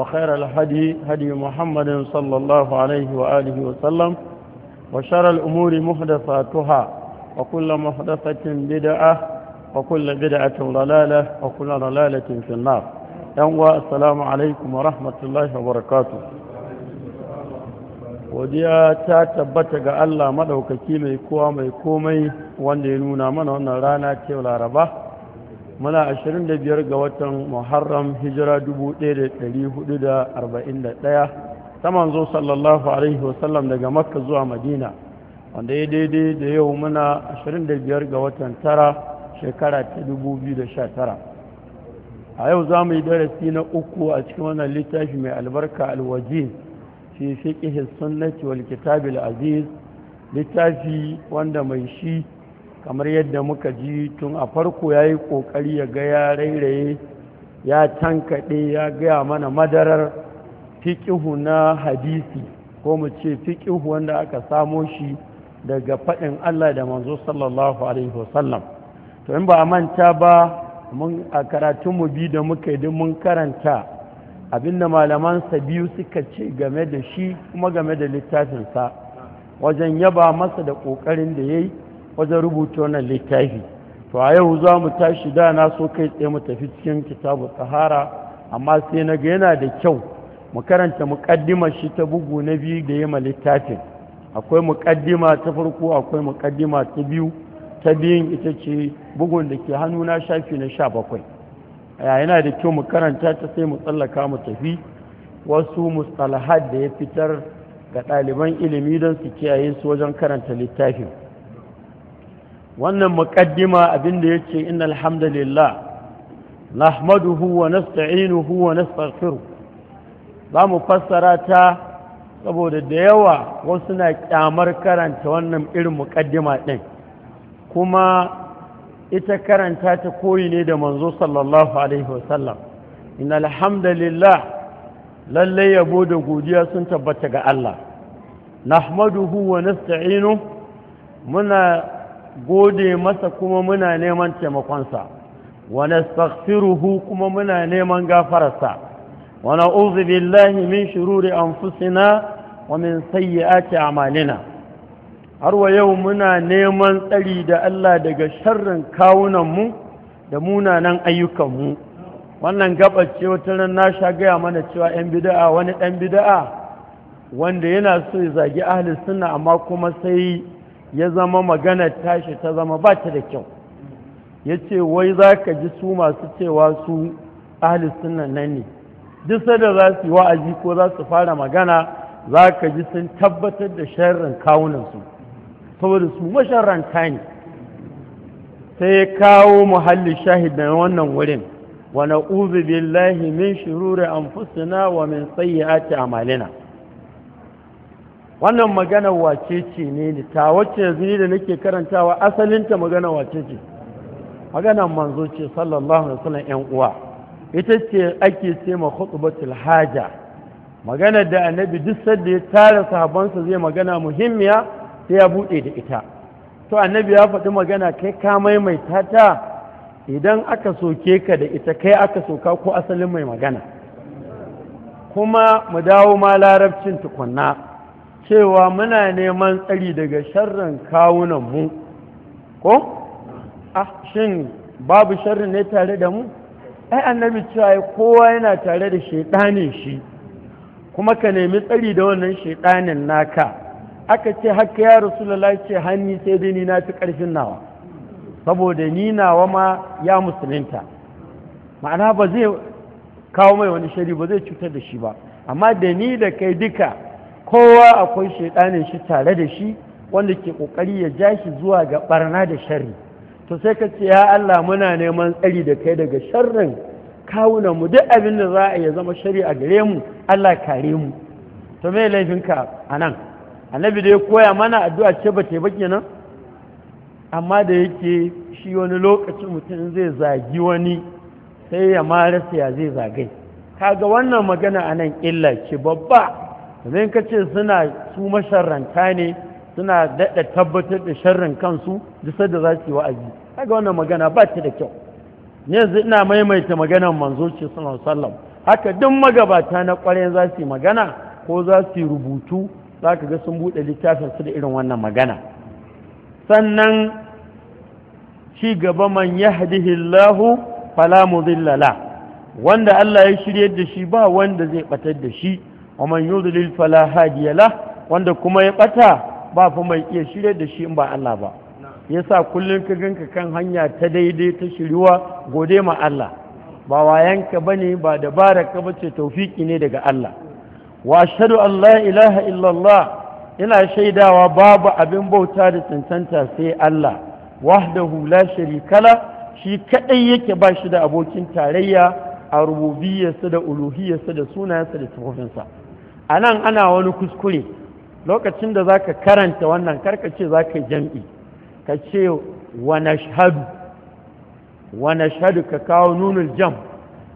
وخير الهدي هدي محمد صلى الله عليه وآله وسلم وشر الأمور محدثاتها وكل محدثة بدعة وكل بدعة ضلالة وكل ضلالة في النار يوم السلام عليكم ورحمة الله وبركاته ودي ta tabbata ga Allah maɗaukaki mai kowa mai komai wanda ya nuna mana wannan rana ce muna 25 ga watan muharram hijira 1441 ta manzo sallallahu alaihi wasallam daga makka zuwa madina wanda ya daidai da yau muna 25 ga watan tara shekara ta 2019 a yau za mu yi darasi na uku a cikin wannan littafi mai albarka alwaji fi fiqh sunnati wal kitabil aziz littafi wanda mai shi kamar yadda muka ji tun a farko ya yi ƙoƙari ya gaya rairaye ya tankaɗe ya gaya mana madarar fiƙihu na hadisi ko mu ce fiƙihu wanda aka samo shi daga faɗin Allah da manzo sallallahu alaihi wasallam to in ba a manta ba mun a mu biyu da muka yi mun karanta abinda malamansa biyu suka ce game da shi kuma game da littafinsa wajen yaba masa da ƙoƙarin da ya yi wajen rubuta wannan littafi to a yau za mu tashi da na so kai tsaye mu tafi cikin kitabu tsahara amma sai na ga yana da kyau mu karanta muƙaddima shi ta bugu na biyu da yima littafin akwai muƙaddima ta farko akwai muƙaddima ta biyu ta biyun ita ce bugun da ke hannu na shafi na sha bakwai yana da kyau mu karanta ta sai mu tsallaka mu tafi wasu mustalahat da ya fitar ga ɗaliban ilimi don su kiyaye su wajen karanta littafin wannan muƙaddima abinda yace inna alhamdulillah nahmaduhu wa nasta'inuhu wa nastaghfiruh za mu fassara ta saboda da yawa wasu na kyamar karanta wannan irin muƙaddima ɗin. kuma ita karanta ta koyi ne da manzo sallallahu alaihi wasallam inna alhamdulillah. lalle yabo da godiya sun tabbata ga Allah nahmaduhu wa nasta'inuhu muna gode masa kuma muna neman taimakonsa wa nastaghfiruhu kuma muna neman gafararsa wa na'udhu billahi min shururi anfusina wa min sayyiati a'malina har wa yau muna neman tsari da Allah daga sharrin kawunanmu da munanan ayyukanmu wannan gabace wata ran na sha gaya mana cewa 'yan bida'a wani ɗan bida'a wanda yana so ya zagi ahli sunna amma kuma sai ya zama maganar tashi ta zama ba ta da kyau ya ce wai za ka ji su masu cewa su ahalis sunan nan ne duk da za su yi wa'azi ko za su fara magana za ka ji sun tabbatar da sharrin kawunansu saboda su masharranta ne sai ya kawo muhalli shahid na wannan wurin wa na'udhu billahi min shururi anfusina wa min sayyiati a'malina wannan magana wace ce ne ne ta wacce yanzu da nake karantawa asalinta magana wace ce magana manzo ce sallallahu alaihi wasallam yan uwa ita ce ake ce ma khutbatul haja magana da annabi duk sanda ya tare sahabbansa zai magana muhimmiya sai ya bude da ita to annabi ya faɗi magana kai ka maimaita ta idan aka soke ka da ita kai aka soka ko asalin mai magana kuma mu dawo ma larabcin tukunna cewa muna neman tsari daga sharrin kawunan mu ko ah shin babu sharrin ne tare da mu ai annabi cewa kowa yana tare da shaidanin shi kuma ka nemi tsari da wannan shaidanin naka aka ce haka ya rasu ce hanni sai dai ni na fi karfin nawa saboda ni nawa ma ya musulunta ma'ana ba zai kawo mai wani shari ba zai cutar da shi ba amma da ni da kai duka kowa akwai shaidanin shi tare da shi wanda ke kokari ya ja shi zuwa ga barna da sharri to sai ka ce ya Allah muna neman tsari da kai daga sharrin kawunan mu duk abin da za a iya zama shari a gare mu Allah kare mu to me laifinka a nan annabi da ya koya mana addu'a ce ba ta kenan amma da yake shi wani lokacin mutum zai zagi wani sai ya marasa ya zai zagai ga wannan magana a nan illa ce babba domin ka ce suna su masharranta ne suna daɗa tabbatar da sharrin kansu bisa da za su yi wa'azi kaga wannan magana ba ta da kyau yanzu ina maimaita maganar manzo ce sallallahu sallam haka duk magabata na ƙwarai za su yi magana ko za su yi rubutu za ka ga sun buɗe littafin su da irin wannan magana sannan ci gaba man yahdihillahu fala mudillala wanda Allah ya shirye da shi ba wanda zai batar da shi wa man yudlil fala hadiya la wanda kuma ya ɓata ba fa mai iya shirya da shi in ba Allah ba yasa kullum ka ganka kan hanya ta daidai ta shiriwa gode ma Allah ba wayanka bane ba da dabaraka bace tawfiki ne daga Allah wa ashhadu an la ilaha illallah ina shaidawa babu abin bauta da cancanta sai Allah hula la kala shi kadai yake ba shi da abokin tarayya a rububi rububiyarsa da uluhiyarsa da sunayensa da sifofinsa a nan ana wani kuskure lokacin da za ka karanta wannan karkace ce za ka jam'i ka ce wane shahadu wane shahadu ka kawo nunul jam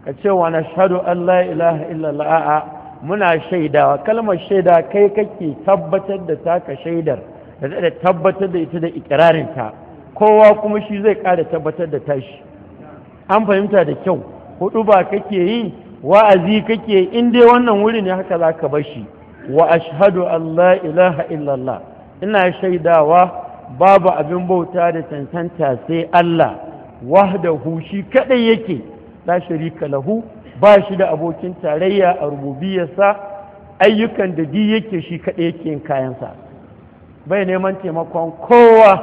ka ce wane shahadu Allah ilaha illallah a'a muna shaidawa kalmar shaida kai kake tabbatar da ta ka shaidar da tabbatar da ita da ikirarinta kowa kuma shi zai ƙara tabbatar da tashi an fahimta da kyau hudu ba kake yi wa'azi kake in dai wannan wuri ne haka za ka bashi wa ashhadu Allah ilaha illallah ina shaidawa babu abin bauta da cancanta sai Allah wahdahu shi kaɗai yake la sharika lahu ba shi da abokin tarayya a rububiyarsa ayyukan da di yake shi kaɗai yake yin kayansa bai neman taimakon kowa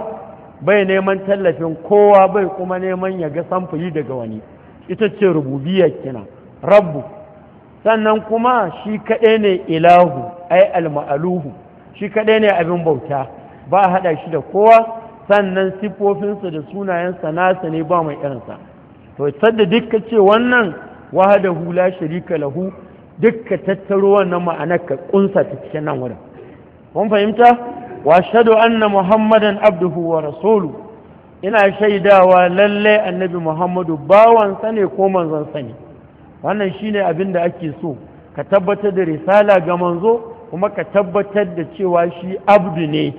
bai neman tallafin kowa bai kuma neman ya ga samfuri daga wani ita ce rububiyar kenan rabbu sannan kuma shi kaɗai ne ilahu ai alma'aluhu shi kaɗai ne abin bauta ba a haɗa shi da kowa sannan siffofinsa da sunayensa nasa ne ba mai irinsa to da duka ce wannan wahada hula sharika lahu duka tattaro wannan ma'anar ka kunsa ta cikin nan wurin kun fahimta wa shadu anna muhammadan abduhu wa rasulu ina shaidawa lallai annabi muhammadu bawansa ne ko manzon ne wannan shine abin da ake so ka tabbatar da risala ga manzo kuma ka tabbatar da cewa shi abdu ne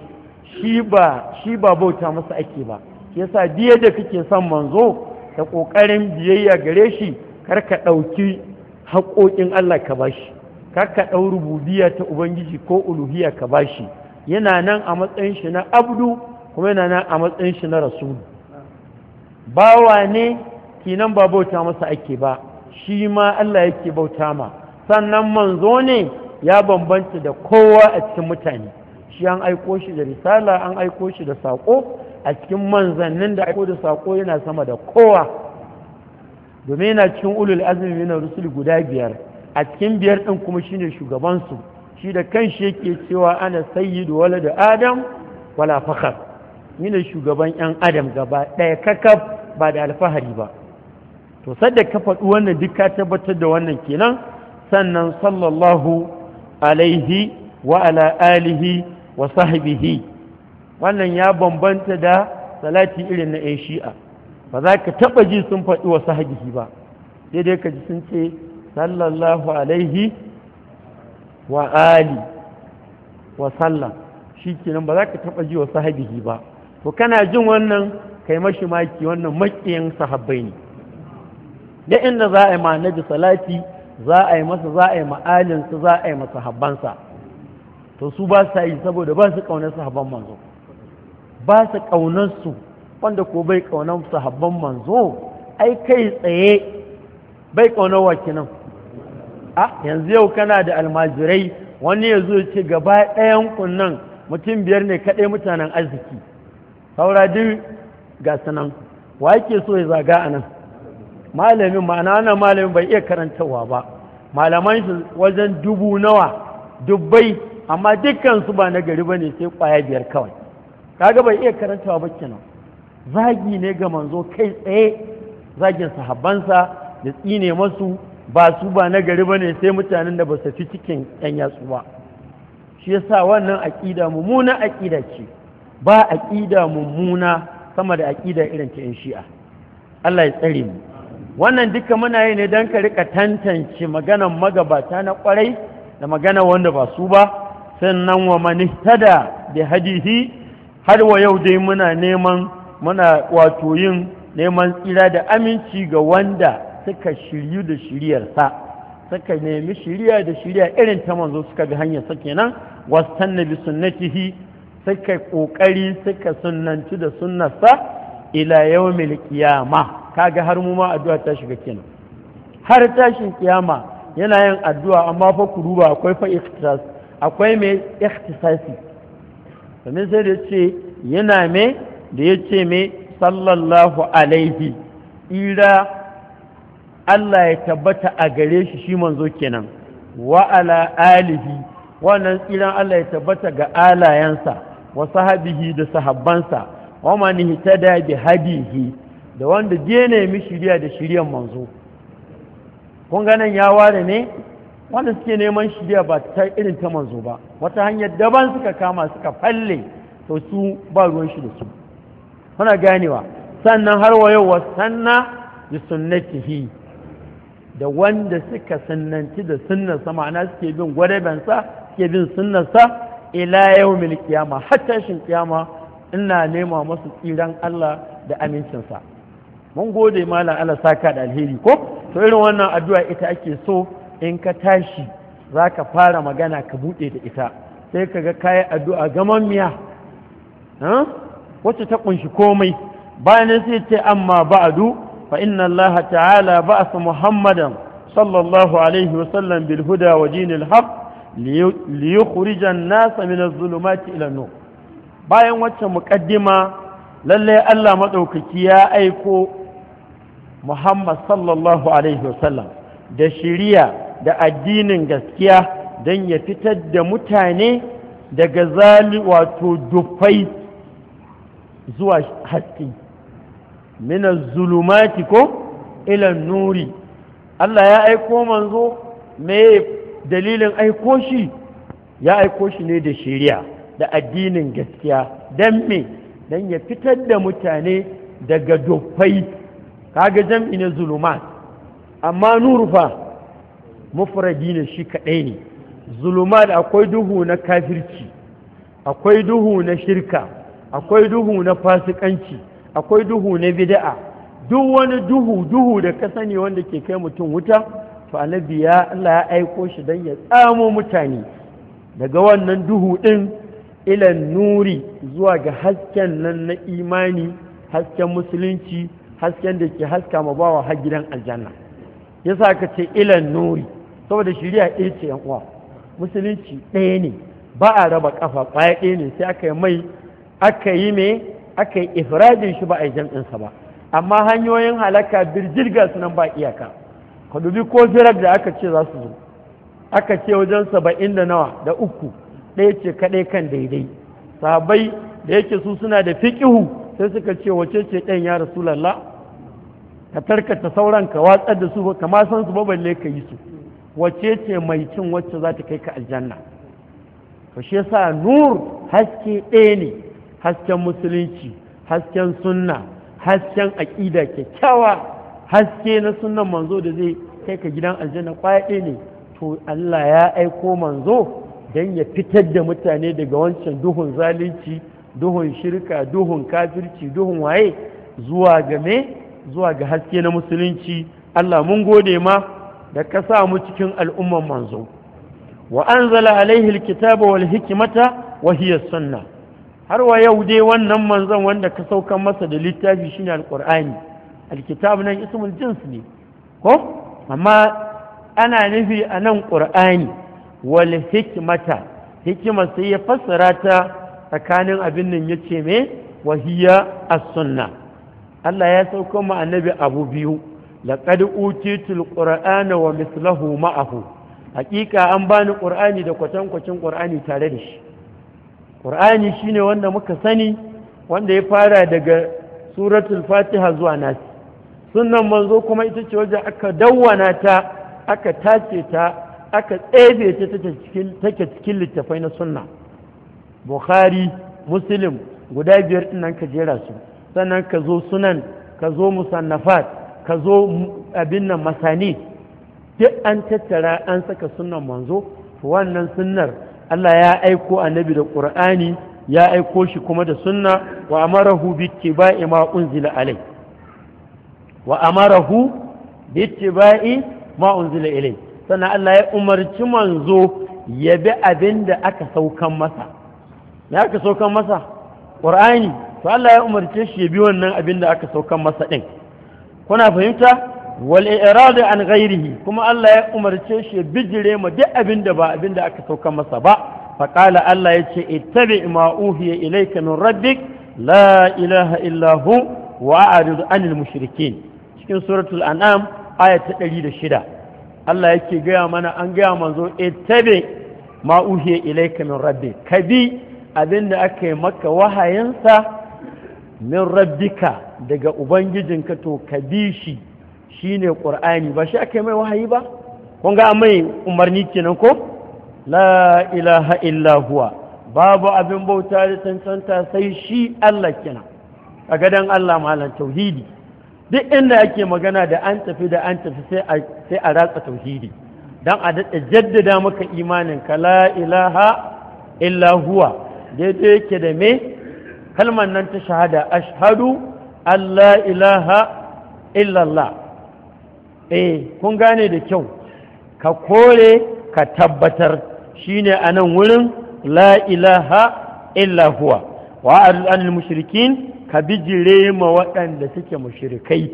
shi ba bauta masa ake ba yasa biyar da kake son manzo da ƙoƙarin biyayya gare shi kar ka ɗauki haƙoƙin Allah ka bashi kar ka ɗau rububiya ta ubangiji ko uluhiya ka bashi yana nan a matsayin shi na abdu kuma yana nan a matsayin shi na rasulu bawa ne kinan ba bauta masa ake ba shi ma Allah yake bauta ma sannan manzo ne ya bambanta da kowa a cikin mutane shi an aiko shi da risala an aiko shi da saƙo a cikin manzannin da aiko da saƙo yana sama da kowa domin yana cikin ulul azumi yana rusul guda biyar a cikin biyar ɗin kuma shine shugabansu shi da kan shi yake cewa ana sayyidu wala da adam wala fakar. Yana shugaban 'yan adam gaba ɗaya kakaf ba da alfahari ba to sadda ka faɗi wannan duk ka tabbatar da wannan kenan sannan sallallahu alaihi wa ala alihi wa sahbihi wannan ya bambanta da salati irin na yan shi'a ba za ka taɓa ji sun faɗi wa sahbihi ba sai dai ka ji sun ce sallallahu alaihi wa ali wa sallam shi kenan ba za ka taɓa ji wa sahbihi ba to kana jin wannan kai mashi maki wannan maƙiyan sahabbai ne da inda za a yi ma annabi salati za a yi masa za a yi ma'alinsa za a yi masa habbansa to su ba sa yi saboda ba su ƙaunar sahabban manzo ba su ƙaunar su wanda ko bai ƙaunar sahabban manzo ai kai tsaye bai ƙaunar wa kinan a yanzu yau kana da almajirai wani ya zo ce gaba ɗayan kunnan mutum biyar ne kaɗai mutanen arziki saura duk ga sanan wa yake so ya zaga a nan malamin ma'ana wannan malamin bai iya karantarwa ba malaman su wajen dubu nawa dubbai amma dukkan su ba na gari ba sai kwaya biyar kawai kaga bai iya karantawa ba kenan zagi ne ga manzo kai tsaye zagin sahabbansa da tsine masu ba su ba na gari ba sai mutanen da ba su fi cikin yan yatsu ba shi yasa wannan aƙida mumuna aƙida ce ba aƙida mumuna sama da aƙida irin ta 'yan shi'a Allah ya tsare mu wannan duka muna yi ne don ka rika tantance maganan magabata na ƙwarai da magana wanda ba su ba sannan wa manihtada da hadisi har wa yau dai muna neman muna wato yin neman tsira da aminci ga wanda suka shiryu da shiryarsa suka nemi shirya da shirya irin ta manzo suka ga hanyar sa kenan wastanna bi sunnatihi suka ƙoƙari, suka sunnanci da sunnarsa ila yawmil qiyamah kaga har mu ma addu'a ta shiga kenan har tashin kiyama yana yin addu'a amma fa kuruba akwai fa ikhtisas akwai mai ikhtisasi domin sai da ce yana mai da ya ce mai sallallahu alaihi ira Allah ya tabbata a gare shi shi manzo kenan wa ala alihi wannan tsiran Allah ya tabbata ga alayansa wa sahabihi da sahabbansa wa man ihtada bi hadihi da wanda je nemi shirya da shiryan manzo kun ganin ya ware ne wanda suke neman shirya ba ta irin ta manzo ba wata hanyar daban suka kama suka falle to su ba ruwan shi da su muna ganewa sannan har wa yau wasanna bi sunnatihi da wanda suka sunnanci da sunnarsa ma'ana suke bin gwadabensa suke bin sunnarsa ila yawmil qiyama hatta shin qiyama ina nema masu tsiran Allah da amincinsa mun gode malam Allah saka da alheri ko to irin wannan addu'a ita ake so in ka tashi za ka fara magana ka buɗe da ita sai ka ga kayan addu'a miya wacce ta ƙunshi komai bayan sai ce amma ba'adu fa inna Allah ta'ala ba'asa Muhammadan sallallahu alaihi wa sallam bil huda wa dinil haq li yukhrija an min adh-dhulumati ila an bayan wacce muqaddima lallai Allah madaukaki ya aiko muhammad sallallahu alaihi wasallam da shiriya da addinin gaskiya don ya fitar da mutane daga zali wato dufai zuwa haske mina zulumati ko ilan nuri Allah ya aiko manzo me dalilin aiko shi ya aiko shi ne da shiriya da addinin gaskiya don me don ya fitar da mutane daga dufai kaga jam'i ne zulumat amma nuru fa mufradi ne shi kaɗai ne zulumat akwai duhu na kafirci akwai duhu na shirka akwai duhu na fasikanci akwai duhu na bid'a duk wani duhu duhu da ka sani wanda ke kai mutum wuta to annabi ya Allah ya aiko shi dan ya tsamo mutane daga wannan duhu din ilan nuri zuwa ga hasken nan na imani hasken musulunci hasken da ke haska ma bawa har gidan aljanna yasa ka ce ilan nuri saboda shari'a ɗaya ce yan uwa musulunci ɗaya ne ba a raba kafa ƙwaya ɗaya ne sai aka yi mai aka yi me aka yi ifradin shi ba a yi jam'insa ba amma hanyoyin halaka birjirgar su nan ba iyaka ka dubi ko zirar da aka ce za su zo aka ce wajen saba'in da nawa da uku ɗaya ce kaɗai kan daidai sahabai da yake su suna da fiƙihu sai suka ce wace ce ɗan ya rasu rasulallah ka tarkata sauran ka watsar da su ka ma san su ba balle ka yi su wace ce mai cin wacce za ta kai ka aljanna to shi yasa nur haske ɗaya ne hasken musulunci hasken sunna hasken aƙida kyakkyawa haske na sunnan manzo da zai kai ka gidan aljanna kwaya ɗaya ne to Allah ya aiko manzo don ya fitar da mutane daga wancan duhun zalunci duhun shirka duhun kafirci duhun waye zuwa game zuwa ga haske na musulunci Allah mun gode ma da ka sa mu cikin al'umman manzo wa anzala alaihi alkitaba wal hikmata wa hiya sunna har wa yau dai wannan manzon wanda ka saukan masa da littafi shine alqur'ani alkitab nan ismul jins ne ko amma ana nufi a nan qur'ani wal hikmata hikima sai ya fassara ta tsakanin abin nan yace me wa hiya as-sunnah Allah ya sauko ma annabi abu biyu laqad utitul qur'ana wa mislahu ma'ahu hakika an bani qur'ani da kwatankwacin qur'ani tare da shi qur'ani shine wanda muka sani wanda ya fara daga suratul fatiha zuwa nasi sunnan manzo kuma ita ce wajen aka dawwana ta aka tace ta aka tsebe ta take cikin littafai na sunna bukhari muslim guda biyar ɗin nan ka jera su sannan ka zo sunan ka zo musannafat ka zo abin nan masani duk an tattara an saka sunan manzo wannan sunnar Allah ya aiko annabi da Qur'ani ya aiko shi kuma da sunna wa amarahu bittiba'i ma unzila alai wa amarahu bittiba'i ma unzila ilai sannan Allah ya umarci manzo ya bi abin da aka saukan masa me aka saukan masa Qur'ani to Allah ya umarce shi ya bi wannan abin da aka saukan masa din kuna fahimta wal irada an ghairihi kuma Allah ya umarce shi ya bijire ma duk abin da ba abin da aka saukan masa ba fa qala Allah yace ittabi ma uhiya ilayka min rabbik la ilaha illa hu wa a'rid anil mushrikin cikin suratul an'am aya ta 106 Allah yake gaya mana an gaya manzo ittabi ma uhiya ilayka min rabbik kabi abin da aka yi maka wahayinsa min rabbika daga ubangijinka to ka bi shi shine qur'ani ba shi aka yi mai wahayi ba kun ga mai umarni kenan ko la ilaha illa babu abin bauta da tantanta sai shi Allah kenan a gadan Allah malam tauhidi duk inda ake magana da an tafi da an tafi sai a sai a ratsa tauhidi dan a jaddada maka imanin ka la ilaha illa huwa daidai yake da me kalmar nan ta shahada ashhadu Allah ilaha illallah eh kun gane da kyau ka kore ka tabbatar shine a nan wurin la ilaha illa huwa wa anil mushrikin ka bijire ma waɗanda suke mushrikai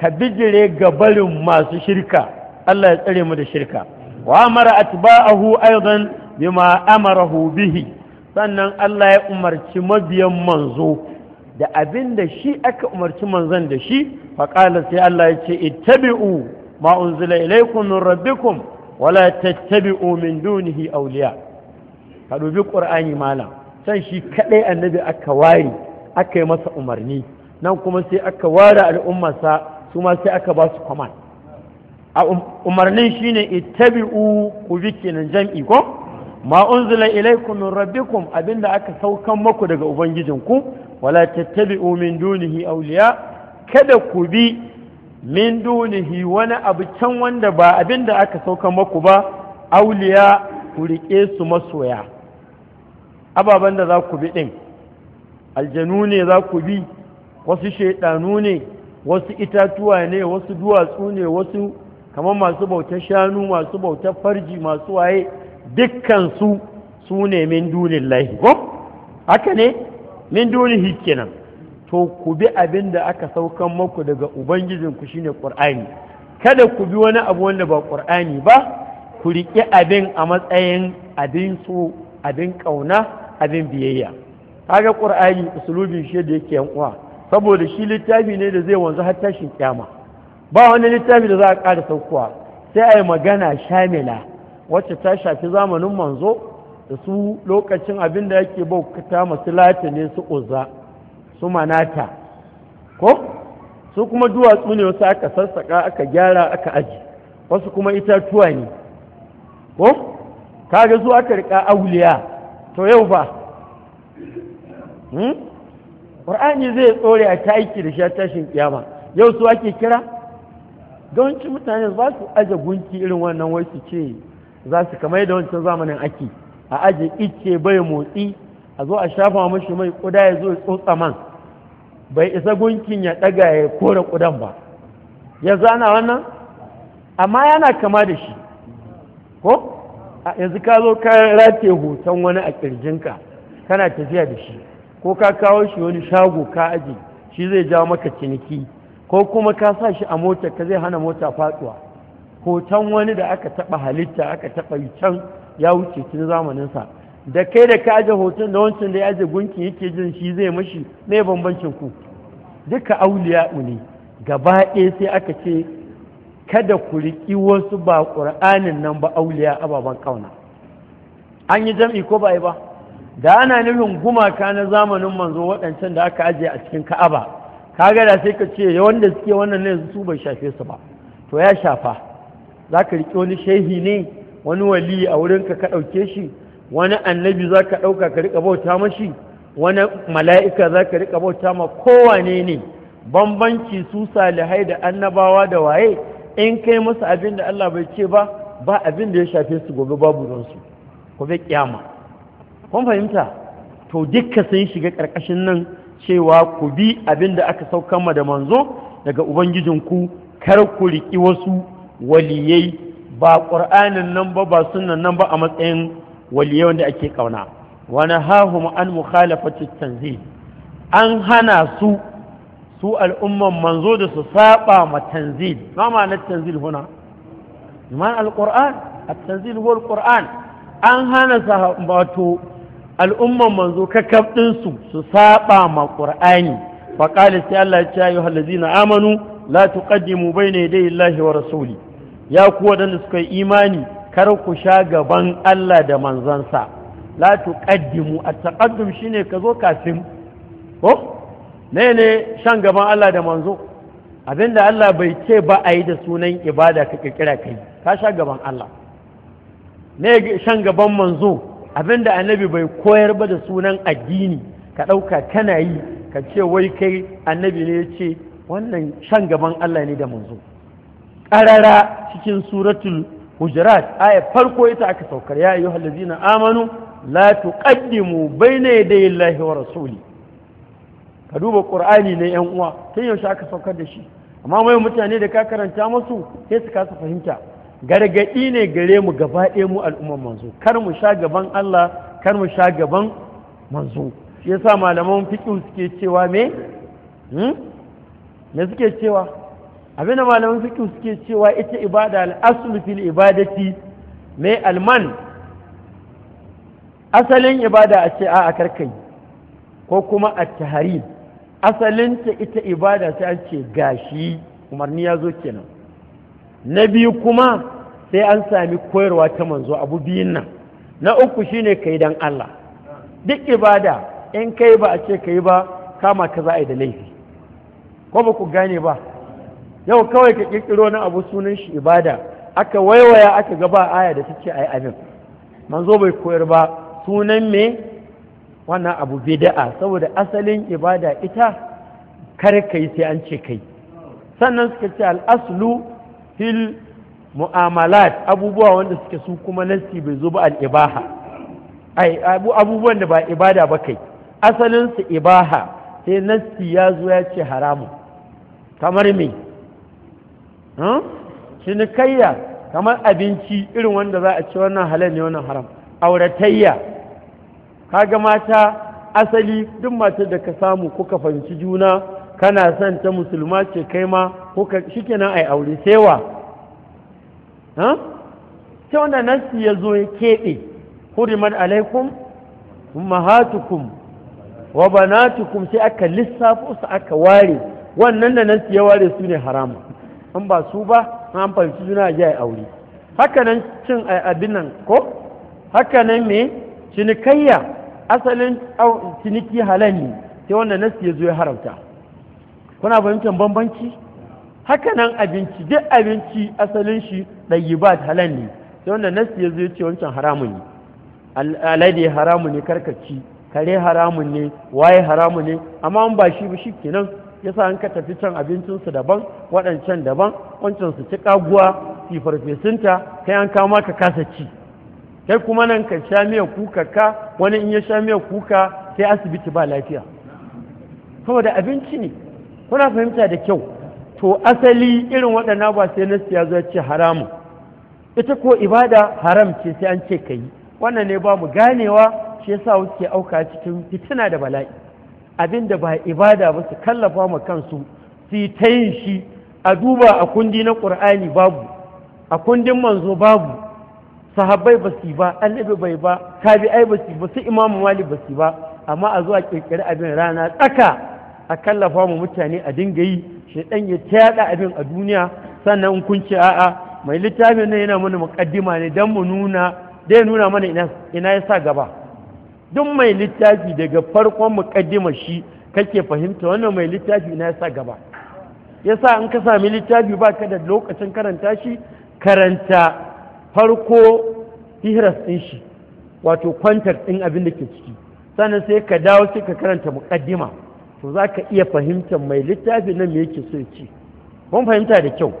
ka bijire ga barin masu shirka Allah ya tsare mu da shirka wa amara atba'ahu aidan bima amarahu bihi sannan Allah ya umarci mabiyan manzo da abin da shi aka umarci manzon da shi faƙala sai Allah ya ce ittabi'u ma unzila ilaykum min rabbikum wala tattabi'u min dunihi awliya ka dubi qur'ani malam san shi kadai annabi aka wari aka yi masa umarni nan kuma sai aka ware al'ummarsa su ma sai aka ba su command a um, umarnin shine ittabi'u ku bi kenan jam'i ko ma unzila ilaikum min rabbikum abinda aka saukan maku daga ubangijinku wala tattabi'u min dunihi awliya kada ku bi min dunihi wani abu can wanda ba abinda aka saukan maku ba awliya ku riƙe su masoya ababen da za ku bi ɗin aljanu ne za ku bi wasu shaidanu ne wasu itatuwa ne wasu duwatsu ne wasu kamar masu bautar shanu masu bautar farji masu waye dukkansu su ne min dunin lahi ko haka ne min dunihi kenan to ku bi abin da aka saukan maku daga Ubangijin ubangijinku shine ƙur'ani kada ku bi wani abu wanda ba ƙur'ani ba ku riƙe abin a matsayin abin so abin ƙauna abin biyayya kaga ƙur'ani usulubin shi da yake yankuwa saboda shi littafi ne da zai wanzu har tashin kyama ba wani littafi da za a ƙara saukowa sai a yi magana shamila wacce ta shafi zamanin manzo da su lokacin abin da yake bauta masu lati ne su uza su manata ko su kuma duwatsu ne wasu aka sassaka aka gyara aka aji wasu kuma itatuwa ne ko kaga zuwa aka riƙa auliya to yau ba ƙur'ani hmm? zai tsore a ta aiki da sha tashin kiyama yau su ake kira wancan mutane ba su aje gunki irin wannan wai su ce za su kamar da wancan zamanin ake a aje icce bai motsi a zo a shafa mashi mai kuda ya zo ya tsotsa man bai isa gunkin ya ɗaga ya kore kudan ba ya zana wannan amma yana kama da shi ko yanzu ka zo ka rataye hoton wani a ƙirjinka kana tafiya da shi ko ka kawo shi wani shago ka aje shi zai jawo maka ciniki ko kuma ka sa shi a mota ka zai hana mota faɗuwa hoton wani da aka taɓa halitta aka taɓa yi can ya wuce tun zamaninsa da kai da ka aje hoton da wancan da ya aje gunki yake jin shi zai mashi me bambancin ku duka auliya ne gaba ɗaya sai aka ce kada ku riƙi wasu ba ƙur'anin nan ba auliya ababen ƙauna an yi jam'i ko ba yi ba da ana nufin gumaka na zamanin manzo waɗancan da aka ajiye a cikin ka'aba kaga da sai ka ce wanda suke wannan ne su bai shafe su ba to ya shafa za ka riƙe wani shehi ne wani wali a wurinka ka ɗauke shi wani annabi za ka ɗauka ka riƙa bauta mashi wani mala'ika za ka riƙa bauta ma kowane ne bambanci su salihai da annabawa da waye in kai masa abin da Allah bai ce ba ba abin da ya shafe su gobe babu ransu bai kyama kun fahimta to dukka sun shiga ƙarƙashin nan cewa ku bi abin da aka saukan ma da manzo daga ubangijinku kar ku riƙi wasu waliyai ba ƙur'anin nan ba ba sunan nan ba a matsayin waliyai wanda ake ƙauna wani hahum an mukhalafati tanzil an hana su su al'umman manzo da su saba ma tanzil ma ma'anar tanzil huna man al-qur'an at-tanzil huwa al-qur'an an hana sa wato al'umman manzo kakaf din su su saba ma qur'ani fa qala sai Allah ya ce ayyuhallazina amanu la tuqaddimu bayna yadayi Allahi wa rasuli ya ku waɗanda suka yi imani kar ku sha gaban Allah da manzansa la tuqaddimu at-taqaddum shine ka zo kafin ko ne ne shan gaban Allah da manzo abinda Allah bai ce ba a yi da sunan ibada ka kirkira kai ka sha gaban Allah ne shan gaban manzo abinda annabi bai koyar ba da sunan addini ka ɗauka kana yi ka ce wai kai annabi ne ya ce wannan shan gaban Allah ne da manzo Karara cikin suratul hujurat aya farko ita aka saukar ya ayyuhal ladzina amanu la tuqaddimu bayna yaday Allahi wa rasuli ka duba qur'ani ne yan uwa tun yaushe aka saukar da shi amma mai mutane da ka karanta musu sai su kasa fahimta gargadi ne gare mu gaba ɗaya mu al'umman manzo kar mu sha gaban Allah kar mu sha gaban manzo shi yasa malaman fiqh suke cewa me hmm? me suke cewa abin da malaman fikin suke cewa ita ibada al fil ibadati mai alman asalin ibada a ce a karkai ko kuma a tahari asalin ita ibada sai an ce gashi umarni ya zo kenan na biyu kuma sai an sami koyarwa ta manzo abu biyun nan na uku shine kai dan Allah duk ibada in kai ba a ce kai ba kama ka za a yi da laifi ko ba ku gane ba yau kawai ka kirkiro na abu sunan shi ibada aka waiwaya aka gaba aya da take ayi abin manzo bai koyar ba sunan me wannan abu bid'a saboda asalin ibada ita kar kai sai an ce kai sannan suka ce al-aslu fil mu'amalat abubuwa wanda suke su kuma nasi bai zo ba al ai abubuwan da ba ibada ba kai asalin su ibaha sai nasi ya zo ya ce haramun kamar me Hmm? cinikayya kamar abinci irin wanda za a ci wannan halal ne wannan haram auratayya kaga mata asali duk matar da ka samu kuka fahimci juna kana son ta musulma ce kai ma kuka shikenan ai aure sewa ha hmm? sai wanda nasi ya zo ya keɓe hurimar alaikum ummahatukum wa banatukum sai aka lissafo su aka ware wannan da nasi ya ware su ne harama. in ba su ba an fahimci juna a yi aure hakanan cin abin nan ko hakanan me cinikayya asalin ciniki halal ne sai wanda nasi ya zo ya harauta. kuna fahimtar bambanci hakanan abinci duk abinci asalin shi ɗayyibat halal ne sai wanda nasi ya zo ya ce wancan haramun ne alade haramun ne karkaci kare haramun ne waye haramun ne amma an ba shi ba shi kenan yasa an ka tafi can abincinsu daban waɗancan daban wancan su ci kaguwa su farfesunta kai an kama ka kasa ci kai kuma nan ka sha miyar kuka ka wani in ya sha miyar kuka sai asibiti ba lafiya saboda abinci ne kuna fahimta da kyau to asali irin waɗannan ba sai na siya zuwa ce haramun ita ko ibada haram ce sai an ce ka yi wannan ne ba mu ganewa shi yasa wuce auka cikin fitina da bala'i abin da ba ibada ba su kallafa ma kansu su yi ta yin shi a duba a kundi na ƙur'ani babu a kundin manzo babu sahabbai ba su ba annabi bai ba ai ba su ba su imamu mali ba su ba amma a zuwa ƙirƙiri abin rana tsaka a kallafa wa mutane a dinga yi shaidan ya ta abin a duniya sannan kun ce a'a mai littafin nan yana mana muƙaddima ne dan mu nuna dai nuna mana ina ya sa gaba duk mai littafi daga farkon muƙaddima shi kake fahimta wannan mai littafi na yasa gaba yasa an ka sami littafi ba ka da lokacin karanta shi karanta farko hiras ɗin shi wato kwantar ɗin abin da ke ciki sannan sai ka dawo sai ka karanta mukaddima to za ka iya fahimtar mai littafi nan me yake so ya ce kun fahimta da kyau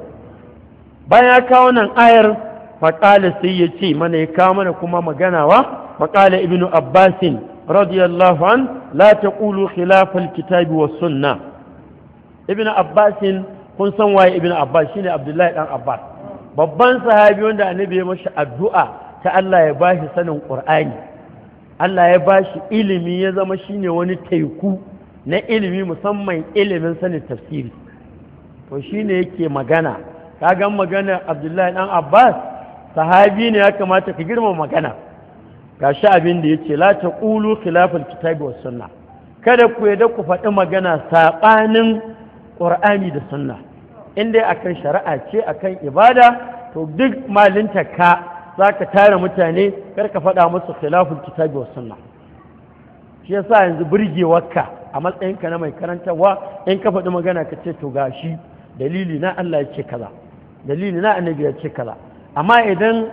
bayan ya kawo nan ayar faƙala sai ya ce mana ya kawo mana kuma maganawa فقال ابن عباس رضي الله عنه لا تقولوا خلاف الكتاب والسنه ابن عباس kun san waye ibn abbas shine abdullahi dan abbas babban sahabi wanda annabi ya mashi addu'a ta Allah ya bashi sanin qur'ani Allah ya bashi ilimi ya zama shine wani taiku na ilimi musamman ilimin sanin tafsiri to shine yake magana kaga magana abdullahi dan abbas sahabi ne ya kamata ka girma magana gashi abin da ya ce la ƙulu khilafin kitabi wa sunna kada ku yadda ku faɗi magana saɓanin ƙur'ani da sunna in dai akan shari'a ce akan ibada to duk malinta ka za ka tara mutane kar ka faɗa musu khilafin kitabi wa sunna shi yasa yanzu burgewarka a matsayinka na mai karantarwa in ka faɗi magana ka ce to gashi dalili na Allah ya ce kaza dalili na annabi ya ce kaza amma idan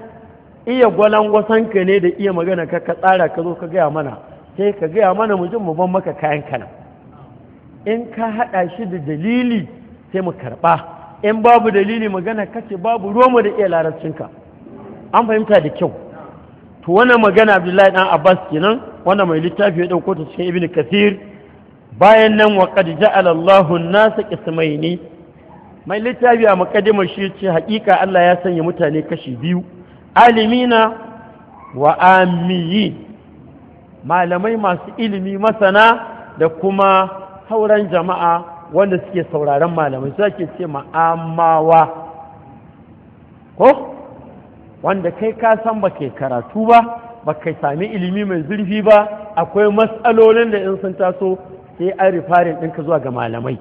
iya wasan ka ne da iya magana ka ka tsara ka zo ka gaya mana sai ka gaya mana mu jin mu ban maka kayan kana in ka haɗa shi da dalili sai mu karɓa in babu dalili magana ka ce, babu roma da iya larabcinka an fahimta da kyau to wannan magana abdullahi dan abbas kenan wannan mai littafi ya ɗauko ta cikin ibn kathir bayan nan wa qad ja'ala Allahu an-nasa qismayni mai littafi a muqaddimar shi ce haƙiƙa Allah ya sanya mutane kashi biyu alimina wa amiyi malamai masu ilimi masana da kuma sauran jama'a wanda suke sauraron malamai su ake ce ma'amawa ko wanda kai ka san ba kai karatu ba ba kai sami ilimi mai zurfi ba akwai matsalolin da in sun taso sai an rifarin ka zuwa ga malamai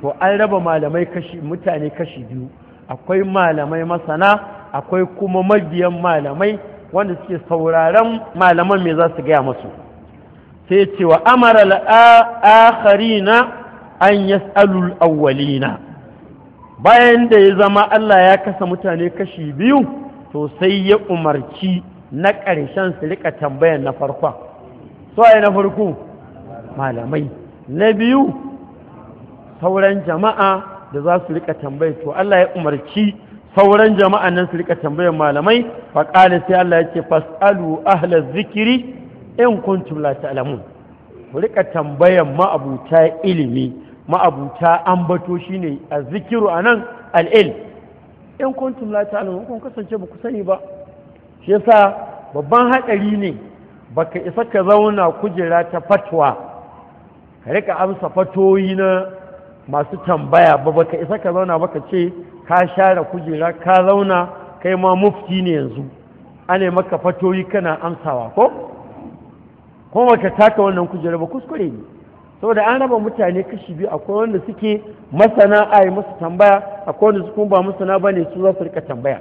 to an raba malamai kashi mutane kashi biyu akwai malamai masana akwai kuma mabiyan malamai wanda suke sauraron malaman me za su gaya masu sai ce wa amara al'akharina an yas'alul awwalina bayan da ya zama Allah ya kasa mutane kashi biyu to sai ya umarci na ƙarshen su rika tambayan na farkon so na farko malamai na biyu sauran jama'a da za su rika tambayar to Allah ya umarci sauran jama'an nan su rika tambayar malamai fa qala sai Allah yake fasalu ahla zikiri in kuntum la ta'lamun ku rika tambayar ma'abuta ilimi ma'abuta ambato shine azzikiru anan al il in kuntum la ta'lamun kun kasance ba ku sani ba shi yasa babban haɗari ne baka isa ka zauna kujera ta fatwa ka rika amsa fatoyi na masu tambaya ba baka isa ka zauna baka ce ka share kujera ka zauna kai ma mufti ne yanzu ana maka fatoyi kana amsawa ko kuma baka taka wannan kujera ba kuskure ne saboda an raba mutane kashi biyu akwai wanda suke masana a yi musu tambaya akwai wanda su ba masana ba ne su za su rika tambaya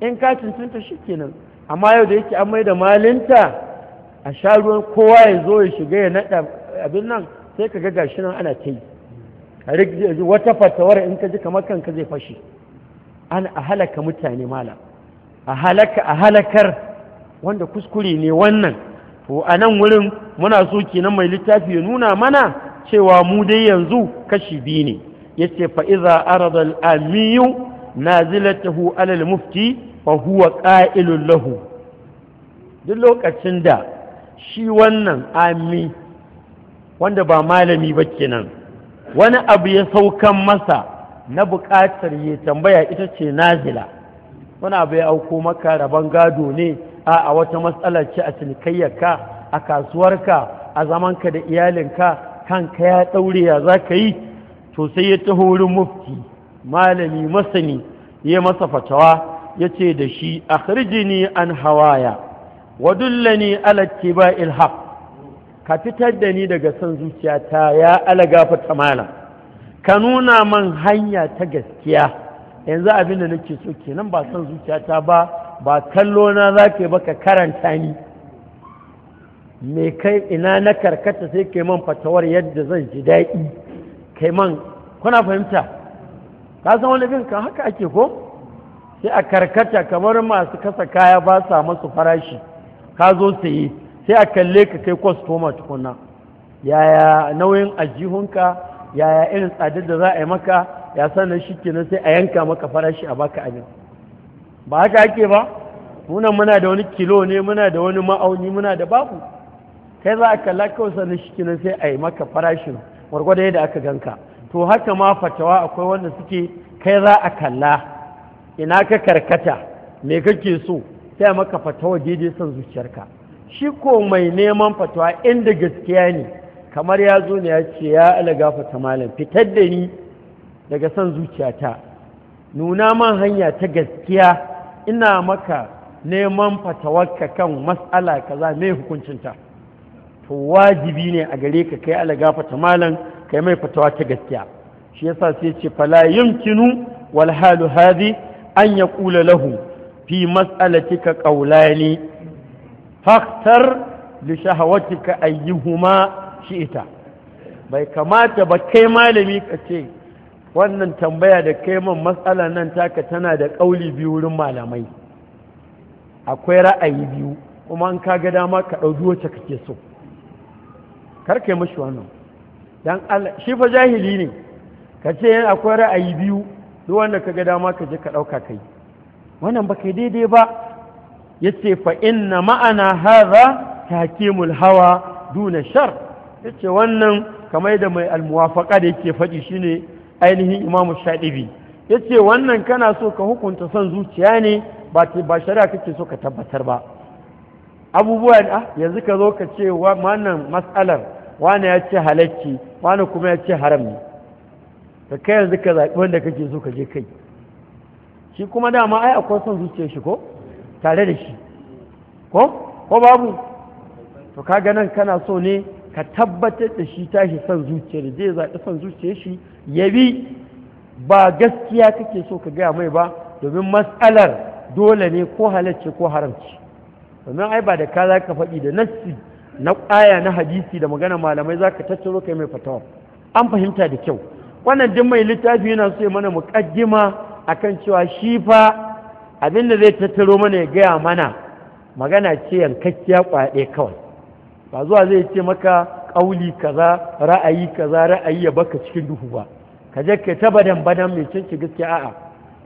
in ka cancanta shi kenan amma yau da yake an mai da malinta a sha ruwan kowa ya zo ya shiga ya naɗa abin nan sai ka ga gashi nan ana ta yi wata fatawar in ka ji kamar kanka zai fashe. an a halaka mutane mala a halaka a wanda kuskure ne wannan to a nan wurin muna so kenan mai littafi ya nuna mana cewa mu dai yanzu kashi biyu ne yace fa iza arada amiyu nazilatahu ala alal mufti fa huwa ƙa’ilun lahu duk lokacin da shi wannan ami wanda ba malami ba kenan wani abu ya saukan masa na buƙatar ya tambaya ita ce nazila wani abu ya auko maka rabon gado ne a wata matsalar ce a cinikayyarka a kasuwarka a zamanka da iyalinka kanka ya ɗaure ya za ka yi to sai ya taho wurin mufti malami masani ya masa fatawa ya ce da shi akhrijini an hawaya wadullani ala ba ilhaq ka fitar da ni daga son zuciyata ya alaga ta ka nuna man hanya ta gaskiya yanzu abin da nake so kenan ba son zuciyata ba ba kallo na za ka ba ka karanta ni me kai ina na karkata sai kai man fatawar yadda zan ji daɗi kai man kuna fahimta ka san wani bin kan haka ake ko sai a karkata kamar masu kasa kaya ba sa masu farashi ka zo saye sai a kalle ka kai kwastoma tukuna yaya nauyin ajihunka yaya irin tsadar da za a yi maka ya sanar shi kenan sai a yanka maka farashi a baka abin ba haka ake ba munan muna da wani kilo ne muna da wani ma'auni muna da babu kai za a kalla kawai sanar shi kenan sai a yi maka farashin gwargwado yadda aka ganka to haka ma fatawa akwai wanda suke kai za a kalla ina ka karkata me kake so sai a maka fatawa daidai son zuciyarka shi ko mai neman fatawa inda gaskiya ne kamar ya zo ne ya ce ya fata malam fitar da ni daga son zuciyata nuna man hanya ta gaskiya ina maka neman fatawarka kan matsala kaza mai hukuncinta to wajibi ne a gare ka kai alagafata malam kai mai fatawa ta gaskiya shi yasa sai ce fala yumkinu wal halu hadi an yaqula lahu fi mas'alatika qawlani faktar li shahawatika shi ita. bai kamata ba kai malami ka ce wannan tambaya da kai man matsala nan taka tana da ƙauli biyu wurin malamai akwai ra'ayi biyu kuma an kaga dama ka ɗauki wacce kake so kar kai mashi wannan dan Allah shi fa jahili ne ka ce akwai ra'ayi biyu duk wanda ga dama ka je ka ɗauka kai wannan ba kai daidai ba yace fa inna ma'ana hadha tahkimul hawa duna shar yace wannan kamar da mai almuwafaka da yake faɗi shine ainihin imamu Shadibi yace wannan kana so ka hukunta son zuciya ne ba shari'a kake so ka tabbatar ba abubuwa ah yanzu ka zo ka ce wannan mas'alar wani ya ce halacci wani kuma ya ce haram ne ka kai yanzu ka zaɓi wanda kake so ka je kai shi kuma dama ai akwai son zuciya shi ko tare da shi ko ko babu to ka nan kana so ne ka tabbatar da shi tashi son zuciyar zai zaɓi son zuciyar shi ya bi ba gaskiya kake so ka gaya mai ba domin matsalar dole ne ko halarci ko haramci domin ai ba da ka za ka faɗi da nassi na ƙaya na hadisi da magana malamai za ka tattaro kai mai fatawa an fahimta da kyau wannan duk mai littafi yana so ya mana muƙaddima akan cewa shi fa abin da zai tattaro mana ya gaya mana magana ce yankakkiya kwaɗe kawai ba zuwa zai ce maka ƙauli kaza ra'ayi kaza ra'ayi ya baka cikin duhu ba ka je ka ta badan badan mai cinci gaskiya a'a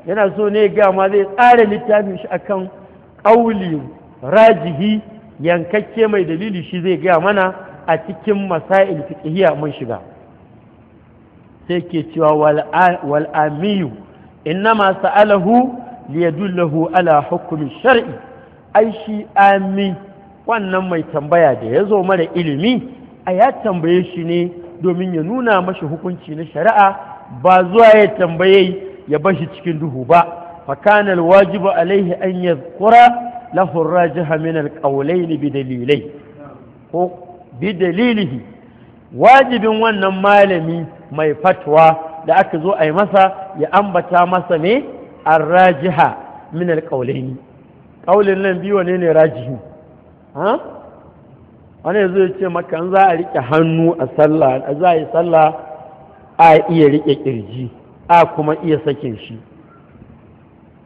yana so ne ya gaya ma zai tsara littafin shi akan ƙauli rajihi yankakke mai dalili shi zai gaya mana a cikin masail fiqhiyya mun shiga sai ke cewa wal inna ma sa'alahu liyadullahu ala hukumin shar'i ai shi amin wannan mai tambaya da ya zo mara ilimi a ya tambaye shi ne domin ya nuna mashi hukunci na shari'a ba zuwa ya tambaye ya bashi cikin duhu ba fakana alwajibu alaihi an yadhkura lahu rajiha min alqawlayn bidalilai ko bidalilihi wajibin wannan malami mai fatwa da aka zo a yi masa ya ambata masa ne arrajiha min alqawlaini qaulin nan biyu ne ne rajihi wani yanzu ya ce maka za a rike hannu a sallah za a yi sallah a iya rike kirji a kuma iya sakin shi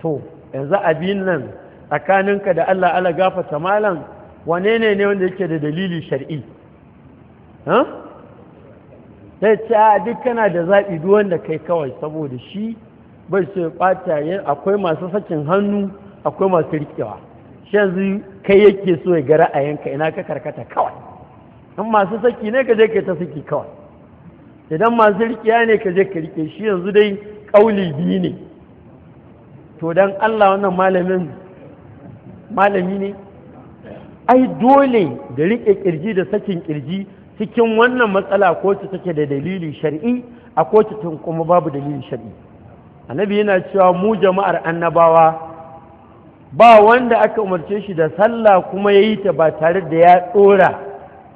to yanzu abin nan tsakaninka da Allah ala gafata malam wane ne ne wanda yake da dalili shar'i sai ce a duk kana da zaɓi duk wanda kai kawai saboda shi bai ce ɓataye akwai masu sakin hannu akwai masu rikewa shi yanzu kai yake so ya gara a yanka ina ka karkata kawai in masu saki ne ka je ka ta saki kawai idan masu rikewa ne ka je ka riƙe shi yanzu dai ƙauli biyu ne to dan Allah wannan malamin malami ne ai dole da riƙe kirji da sakin kirji cikin wannan matsala ko ta take da dalili shari'i a ko kuma babu dalili shari'i annabi yana cewa mu jama'ar annabawa ba wanda aka umarce shi da sallah kuma ya yi ta ba tare da ya ɗora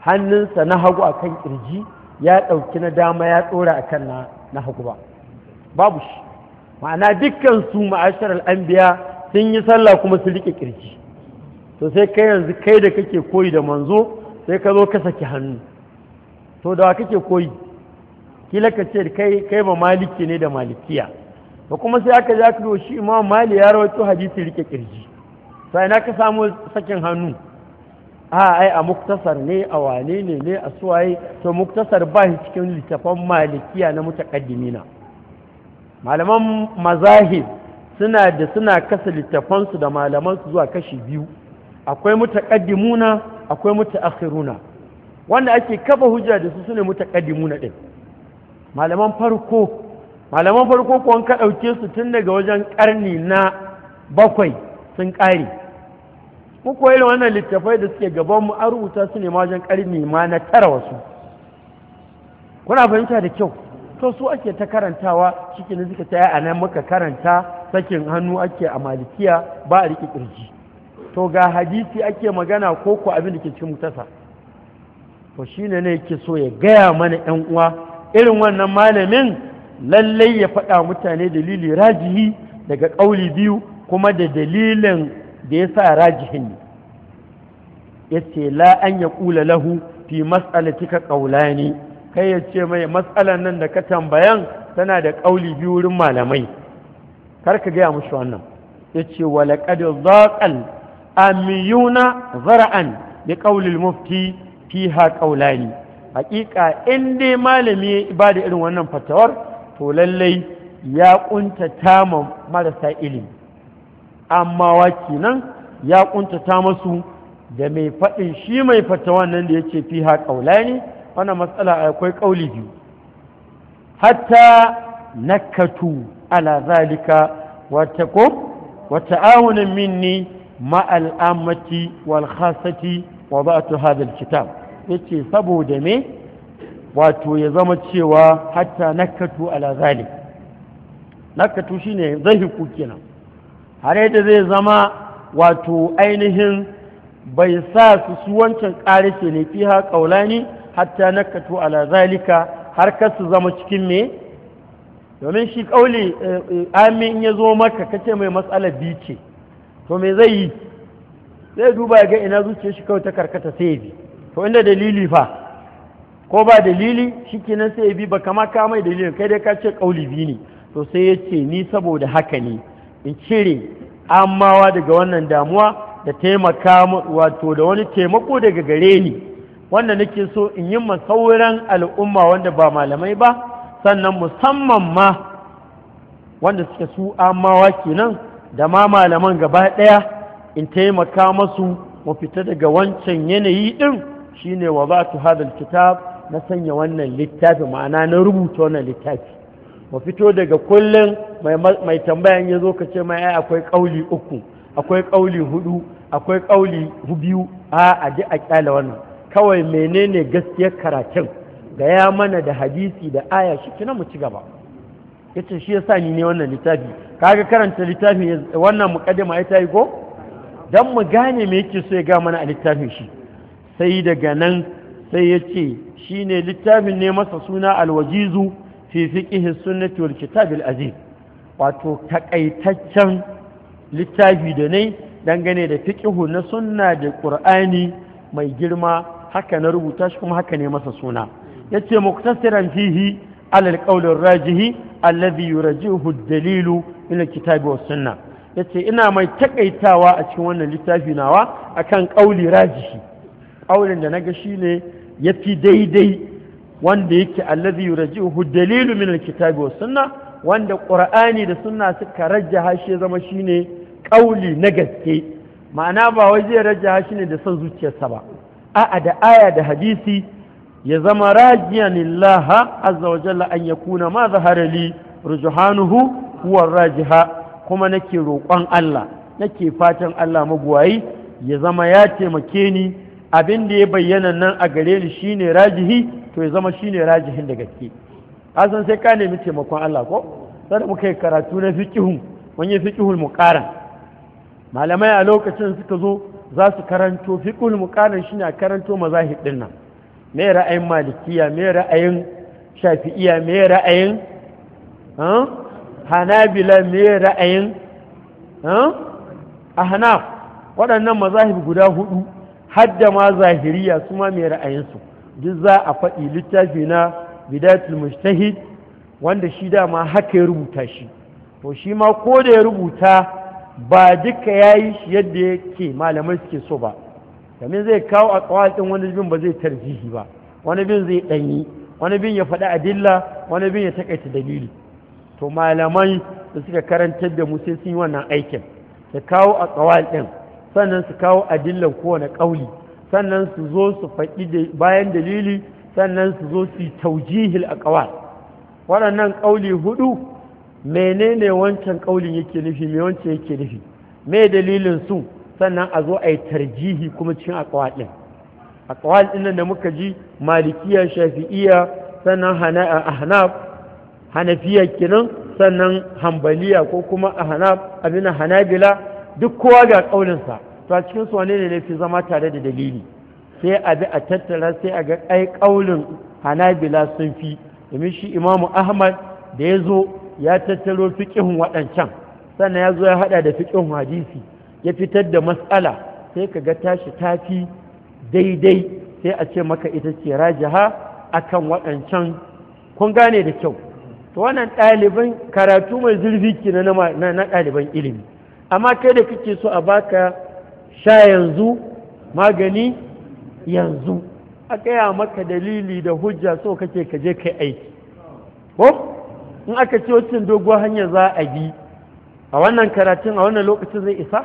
hannunsa na hagu akan kan ƙirji ya ɗauki na dama ya ɗora akan kan na hagu ba babu shi ma'ana dukkan su ma'ashar al'ambiya sun yi sallah kuma su riƙe kirji to sai kai yanzu kai da kake koyi da manzo sai ka zo ka saki hannu to da kake koyi kila ka ce kai kai ba maliki ne da malikiya Ba kuma sai aka ja kiro shi imam mali ya rawaito hadisi rike kirji to ina ka samu sakin hannu a ai a muktasar ne a wane ne ne a suwaye to muktasar ba shi cikin littafan malikiya na mutaqaddimina malaman mazahib suna da suna kasa littafansu da malamansu zuwa kashi biyu akwai mutaqaddimuna akwai mutaakhiruna wanda ake kafa hujja da su sune mutaqaddimuna din malaman farko malaman farko kuwan ka ɗauke su tun daga wajen ƙarni na bakwai sun ƙare kuma irin wannan littafai da suke gabanmu an rubuta su ne wajen ƙarni ma na tara wasu kuna fahimta da kyau to su ake ta karantawa cikin da suka taya a nan muka karanta sakin hannu ake a malikiya ba a riƙe ƙirji to ga hadisi ake magana ko ko abin da ke cikin mutasa to shine ne yake so ya gaya mana 'yan uwa irin wannan malamin lallai ya faɗa mutane dalili rajihi daga ƙauli biyu kuma da dalilin da ya sa rajihin ne ya ce la ya ƙula lahu fi matsala ƙaula ƙaulani kai ya ce mai matsalan nan da ka tambayan tana da ƙauli biyu wurin malamai kar ka gaya mushi wannan ya ce walaƙad zaƙal amiyuna zara'an da ƙaulil mufti fiha ne. haƙiƙa in dai malami ya ba da irin wannan fatawar to lallai ya ƙuntata tama marasa ilimi amma wa nan ya ƙuntata masu da mai faɗin shi mai fata wannan da ya ce fi ha ne wannan matsala akwai ƙauli biyu hatta nakatu ala zalika wata ko wata awunan minni ma al'amati wal khasati wa ba'atu hadal kitab yace saboda me wato ya zama cewa hatta nakatu ala zalik nakatu shine zahiku kenan har yadda zai zama wato ainihin bai sa su su wancan ƙarishe ne fi ha ne hatta nakatu ala zalika har ka su zama cikin me domin shi ƙauli eh, eh, amin ya zo maka kace mai matsala bi ce to me zai yi zai duba ga ina zuciyar shi kawai ta karkata sai bi to inda dalili fa ko ba dalili shikenan sai ya bi ba kama ka mai dalilin kai dai ka ce kauli bi ne to sai ya ce ni saboda haka ne in cire amawa daga wannan damuwa da taimaka wato da wani taimako daga gare ni wanda nake so in yi ma sauran al'umma wanda ba malamai ba sannan musamman ma wanda suke su amawa kenan da ma malaman gaba ɗaya in taimaka masu mu fita daga wancan yanayi ɗin shine wa za ta hadal kitab na sanya wannan littafi ma'ana na rubuta wannan littafi mu fito daga kullum mai tambayan ya zo ka ce mai akwai kauli uku akwai kauli hudu akwai kauli biyu a a ƙyale wannan kawai menene gaskiyar karatun ga ya mana da hadisi da aya kina mu ci gaba yace shi ya sa ni ne wannan littafi kaga karanta littafi wannan muqaddima ita yi ko dan mu gane me yake so ya ga mana a littafin shi sai daga nan sai ya ce shine littafin ne masa suna alwajizu fi fiqh sunnati wal kitab al wato takaitaccen littafi da ne dangane da fiqh na sunna da qur'ani mai girma haka na rubuta shi kuma haka ne masa suna yace muktasiran fihi ala alqawl arrajih alladhi yurajihu ad-dalil min al-kitab was sunna yace ina mai takaitawa a cikin wannan littafi nawa akan qawli rajihi qawlin da naga shine ya fi daidai wanda yake allazi yurji'uhu dalilu min alkitabi was sunna wanda qur'ani da sunna suka rajja shi zama shine kauli na gaske ma'ana ba wai zai rajja shi ne da son zuciyarsa ba a'a da aya da hadisi ya zama rajiyan lillaha azza wa jalla an yakuna ma zahara li rujuhanuhu huwa rajiha kuma nake roƙon Allah nake fatan Allah maguwayi ya zama ya taimake ni abin da ya bayyana nan a gare ni shine rajihi to ya zama shine rajihin da gaske asan sai ka nemi taimakon Allah ko sai da muka yi karatu na fiqihun wani fikihun muqaran malamai a lokacin suka zo za su karanto fiqihul muqaran shine a karanto mazahib din nan me ra'ayin malikiya me ra'ayin shafi'iya me ra'ayin ah, hanabila me ra'ayin ah, ahnaf waɗannan mazahib guda hudu hadda ma zahiriya su ma mai ra'ayinsu duk za a faɗi littafi na bidatul mujtahid wanda shi dama haka ya rubuta shi to shi ma ko da ya rubuta ba duka ya yi shi yadda yake malamai suke so ba domin zai kawo a ɗin wani bin ba zai tarjihi ba wani bin zai ɗanyi wani bin ya faɗi adilla wani bin ya taƙaita dalili to malamai da suka karantar da mu sai sun yi wannan aikin ta kawo a tsawal ɗin sannan su kawo adillan kowane ƙauli sannan su zo su faɗi bayan dalili sannan su zo su yi taujihil a ƙawar waɗannan ƙauli hudu menene wancan ƙaulin yake nufi me wancan yake nufi me dalilin su sannan a zo a yi tarjihi kuma cikin ƙawar ɗin ƙawar ɗin da muka ji malikiya shafi'iya sannan ahnaf hanafiya kenan sannan hambaliya ko kuma ahnaf abin hanabila duk kowa ga ƙaulinsa to a cikin su wane ne ne fi zama tare da dalili sai a bi a tattara sai a ga ai ƙaulin hanabila sun fi domin shi imamu ahmad da ya zo ya tattaro fiƙin waɗancan sannan ya zo ya haɗa da fikin hadisi ya fitar da matsala sai ka ga tashi tafi daidai sai a ce maka ita ce rajaha akan waɗancan kun gane da kyau to wannan ɗaliban karatu mai zurfi kina na ɗaliban ilimi amma kai da kake so a baka sha yanzu magani yanzu a gaya maka dalili da hujja so kake ka je kai aiki ko in aka ce wacin doguwar hanya za a bi a wannan karatun a wannan lokacin zai isa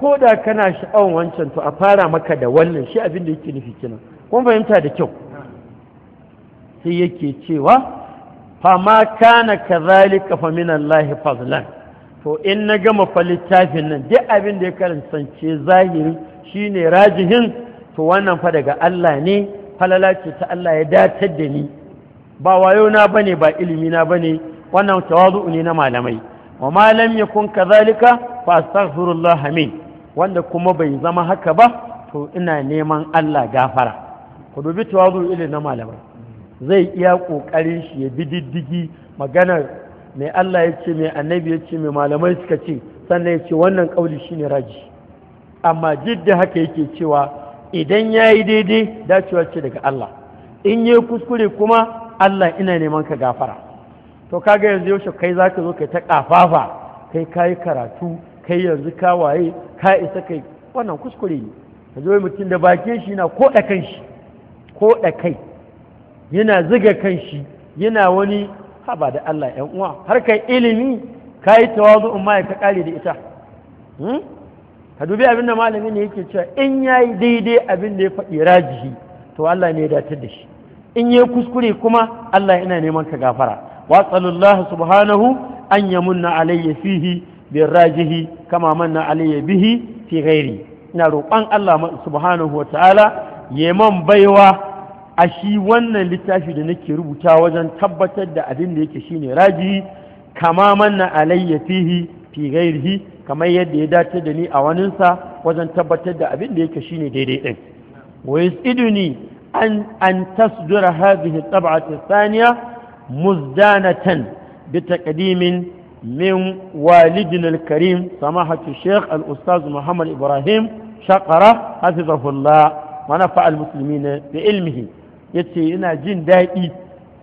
ko da kana sha'awan wancan to a fara maka da wannan shi abin da yake nufi kina kun fahimta da kyau sai yake cewa fa fama kana kazalika fa min Allah to in na gama fa littafin nan duk abin da ya karantance zahiri shine rajihin to wannan fa daga Allah ne falala ce ta Allah ya datar da ni ba wayo na bane ba ilimi na bane wannan tawazu ne na malamai wa ma lam yakun kadhalika fa astaghfirullah min wanda kuma bai zama haka ba to ina neman Allah gafara ku dubi tawazu ilimi na malamai zai iya kokarin shi ya bi diddigi maganar mai Allah ya ce mai annabi ya ce mai malamai suka ce sannan ya ce wannan kauli shine raji amma jidda haka yake cewa idan ya yi daidai dacewa ce daga Allah in yi kuskure kuma Allah ina neman ka gafara to kaga yanzu yaushe kai za ka zo kai ta ƙafafa kai ka yi karatu kai yanzu ka waye ka isa kai wannan kuskure ne ka zo mutum da bakin shi na ko kan shi kai yana ziga kan shi yana wani haba da Allah ‘yan uwa har harkar ilimi ka yi tawazu umma ya kare da ita hmm? ka dubi abin da ne yake cewa in ya yi daidai abin da ya faɗi rajihi to Allah ne ya datar da shi in ya kuskure kuma Allah yana neman ka gafara wa tsallallahu subhanahu an yamunna alayya fihi bin rajihi kama manna alayya bihi fi ghairi ina roƙon Allah subhanahu wa ta'ala man baiwa a shi wannan littafi da nake rubuta wajen tabbatar da abin da yake shine raji kama manna alayya fihi fi ghairihi kamar yadda ya dace da ni a waninsa wajen tabbatar da abin da yake shine daidai din wa yasiduni an an tasdura hadhihi tab'at athaniya muzdanatan bi taqdimin min walidina al-karim samahatu shaykh al-ustaz Muhammad Ibrahim shaqara hafizahullah ونفع المسلمين بعلمه ya ce yana jin daɗi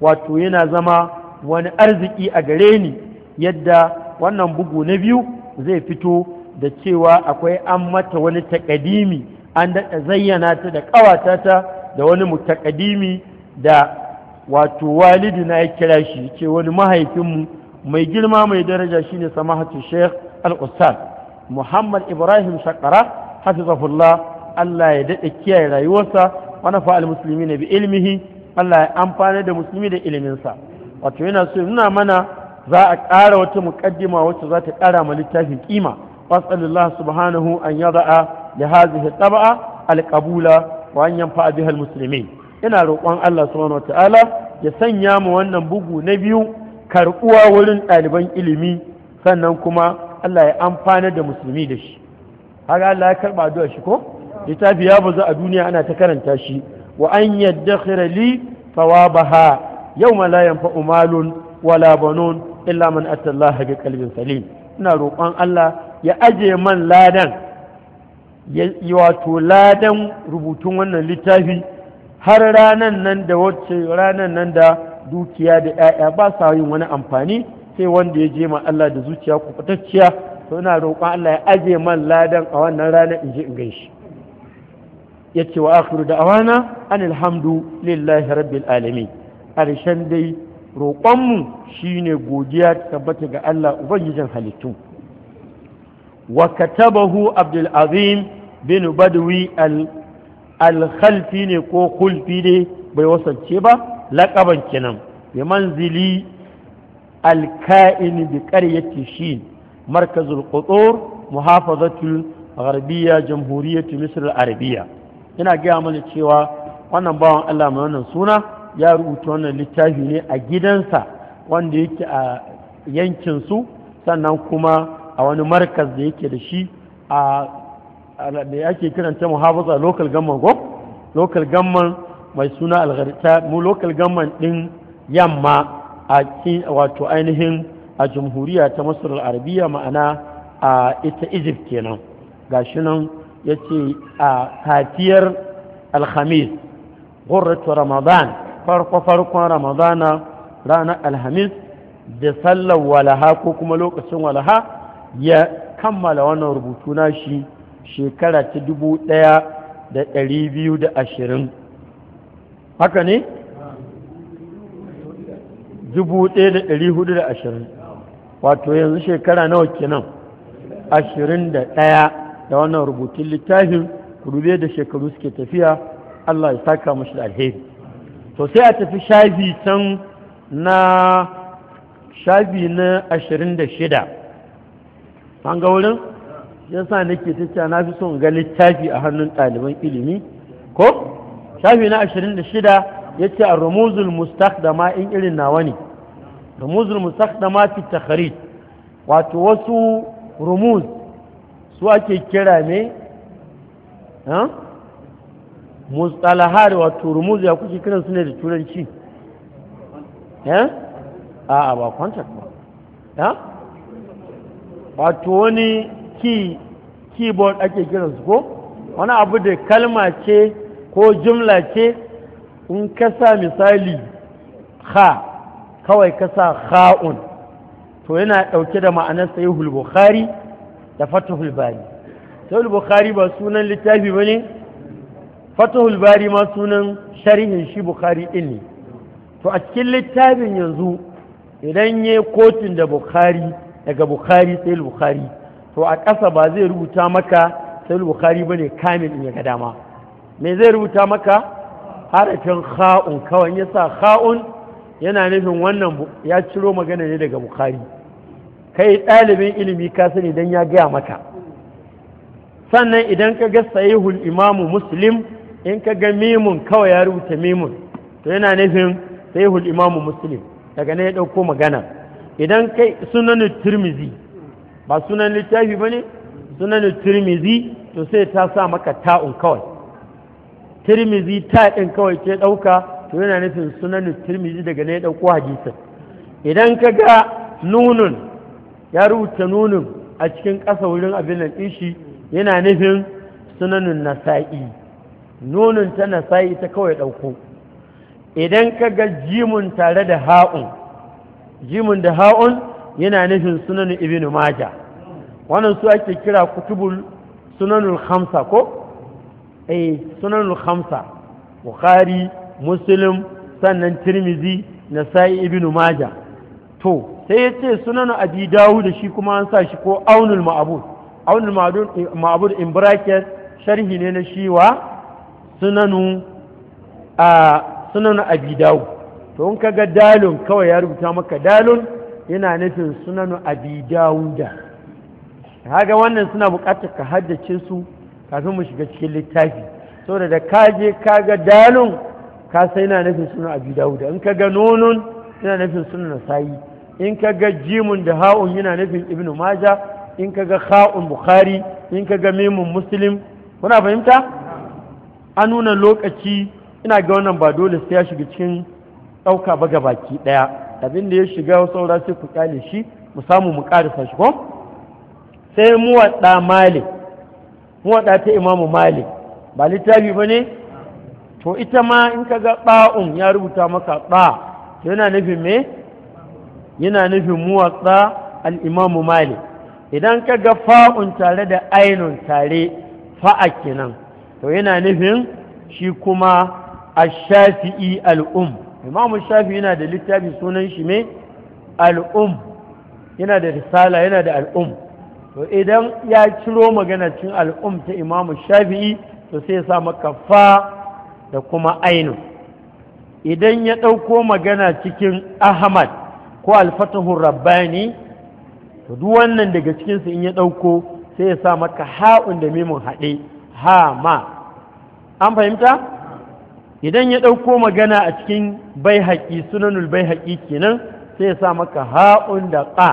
wato yana zama wani arziki a gare ni yadda wannan bugu na biyu zai fito da cewa akwai an mata wani takadimi an daɗa zayyana ta da ƙawata ta da wani takadimi. da wato walidi na ya kira shi ce wani mahaifinmu mai girma mai daraja shine samahatu sheikh al-ustad muhammad ibrahim shakara hafizahullah allah ya daɗa kiyaye rayuwarsa wani fa'al musulmi na bi ilmihi Allah ya amfani da musulmi da iliminsa wato yana so nuna mana za a ƙara wata muƙaddima wacce za ta ƙara ma littafin kima fasalillah subhanahu an yada'a li hadhihi tab'a alqabula wa an yanfa'a biha almuslimin ina roƙon Allah subhanahu ya sanya mu wannan bugu na biyu karɓuwa wurin ɗaliban ilimi sannan kuma Allah ya amfana da musulmi da shi haka Allah ya karɓa addu'a shi ko littafi ya bazu a duniya ana ta karanta shi wa an yaddakhira li thawabaha yawma la yanfa'u malun wala banun illa man attallaha bi qalbin salim ina roƙon Allah ya aje man ladan ya wato ladan rubutun wannan littafi har ranan nan da wacce ranan nan da dukiya da 'ya'ya ba sa yin wani amfani sai wanda ya je ma Allah da zuciya kufatacciya to ina roƙon Allah ya aje man ladan a wannan ranar in je in gaishe yace wa akhiru da'wana alhamdu lillahi rabbil alamin karshen dai roƙonmu shine godiya tabbata ga Allah ubangijin halittu wa katabahu abdul azim bin badwi al alkhalfi ne ko kulfi ne bai wasance ba laƙaban kenan bi manzili alka'in bi qaryati shin markazul qutur muhafazatul غربية جمهورية مصر arabiya. yana gaya mana cewa wannan bawan Allah mai wannan suna ya rubuta wannan littafi ne a gidansa wanda yake a su sannan kuma a wani markaz da yake da shi a da ake kiranta muhafaza local government go local government mai suna algarta mu local gamman din yamma a wato ainihin a jamhuriya ta masar arabiya ma'ana a ita egypt kenan gashi nan ya ce a kafiyar alhamis gurratu ramadan farko farkon ramadana ranar alhamis da sallar walaha ko kuma lokacin walaha ya kammala wannan rubutu na shi shekara ta dubu ɗaya da ɗari biyu da ashirin haka ne? dubu ɗaya da ɗari hudu da ashirin wato yanzu shekara nawa kenan ashirin da ɗaya da wannan rubutun littafin rube da shekaru suke tafiya Allah ya saka mashi da alheri to sai a tafi shafi can na shafi na ashirin da shida an ga wurin yasa nake tattara na fi son ga littafi a hannun ɗaliban ilimi ko shafi na ashirin da shida ya ce a rumuzul mustakdama in irin nawa ne rumuzul mustakdama fi takharid wato wasu rumuz su ake kira ne mustalahari wato turmuz ya kuke kiransu ne da turanci a ba kwantar ba wato wani keyboard ake kiransu ko wani abu da kalma ce ko jumla ce in kasa misali ha kawai kasa sa ha'un to yana ɗauke da ma'anar sahihul bukhari da fatahul bari sahih bukhari ba sunan littafi ba ne fatahul bari ma sunan sharihin shi bukhari din ne to a cikin littafin yanzu idan ya kotun da bukhari daga bukhari sai bukhari to a ƙasa ba zai rubuta maka sai bukhari ba ne kamil in ya ga dama me zai rubuta maka harafin kha'un kawai ya sa kha'un yana nufin wannan ya ciro magana ne daga bukhari kai ɗalibin ilimi ka sani don ya gaya maka sannan idan ka ga sahihul imamu muslim in ka ga mimun kawai ya rubuta mimun to yana nufin sahihul imamu muslim daga nan ya ɗauko magana idan kai sunan turmizi ba sunan littafi ba ne sunan turmizi to sai ta sa maka ta'un kawai turmizi ta ɗin kawai ke ɗauka to yana nufin sunan turmizi daga nan ya ɗauko hadisin idan ka ga nunun ya rubuta nunin a cikin ƙasa wurin abin nan ɗinshi yana nufin sunanin nasa'i nunin ta nasa'i ta kawai ɗauko idan ka ga jimun tare da ha'un jimun da ha'un yana nufin sunanin ibn maja wannan su ake kira kutubul sunanul hamsa ko eh sunanul hamsa bukhari muslim sannan tirmizi nasa'i ibn maja to sai ya ce sunan abi da shi kuma an sa shi ko aunul Ma'abud. aunul Ma'abud eh, in bracket sharhi ne na shi wa sunanu a sunan abi dawu to in kaga dalun kawai ya rubuta maka dalun yana nufin sunan abi da. kaga wannan suna buƙatar ka haddace su kafin mu shiga cikin littafi saboda da ka je kaga dalun ka sai yana nufin sunan abi da. in kaga nonun yana nufin sunan sayi in ka ga jimun da ha'un yana nufin Ibn maja in ka ga ha'un bukhari in ka ga mimun muslim kuna fahimta an nuna lokaci ina ga wannan ba dole sai ya shiga cikin ɗauka ba baki ɗaya abin da ya shiga saura sai ku kyale shi mu samu mu karisa shi ko sai muwaɗa malik muwaɗa ta imamu malik ba littafi ba ne to ita ma in ka ga ɓa'un ya rubuta maka ɓa yana nufin me yana nufin muwatsa al'imamu malik idan ka ga fa'un tare da ainihin tare fa'a kenan to yana nufin shi kuma a shafi'i al'um imamu shafi yana da littafi sunan shi mai al'um yana da risala yana da al'um to idan ya ciro magana cin al'um ta imamu shafi'i to sai ya sa maka fa da kuma ainihin idan ya ɗauko magana cikin ahmad ko alfatahun rabbani to duk wannan daga cikinsu in ya ɗauko sai ya sa maka ha'un da mimun haɗe ha ma an fahimta idan ya ɗauko magana a cikin bai haƙi sunanul bai haƙi kenan sai ya sa maka ha'un da ƙa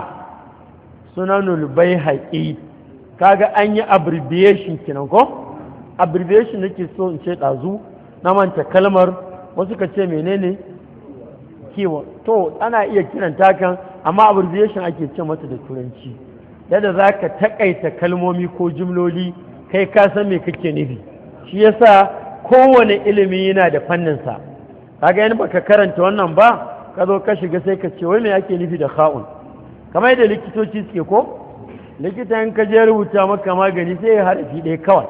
sunanul bai haƙi kaga an yi abbreviation kenan ko abbreviation nake so in ce ɗazu na manta kalmar wasu ka ce menene kiwon to ana iya kiran takan amma abbreviation ake ce mata da turanci yadda za ka takaita kalmomi ko jimloli kai ka san me kake nufi shi yasa kowane ilimi yana da fanninsa kaga yana baka karanta wannan ba ka zo ka shiga sai ka ce wai me ake nufi da kha'un kamar yadda likitoci suke ko likita in ka je rubuta maka magani sai ya harafi ɗaya kawai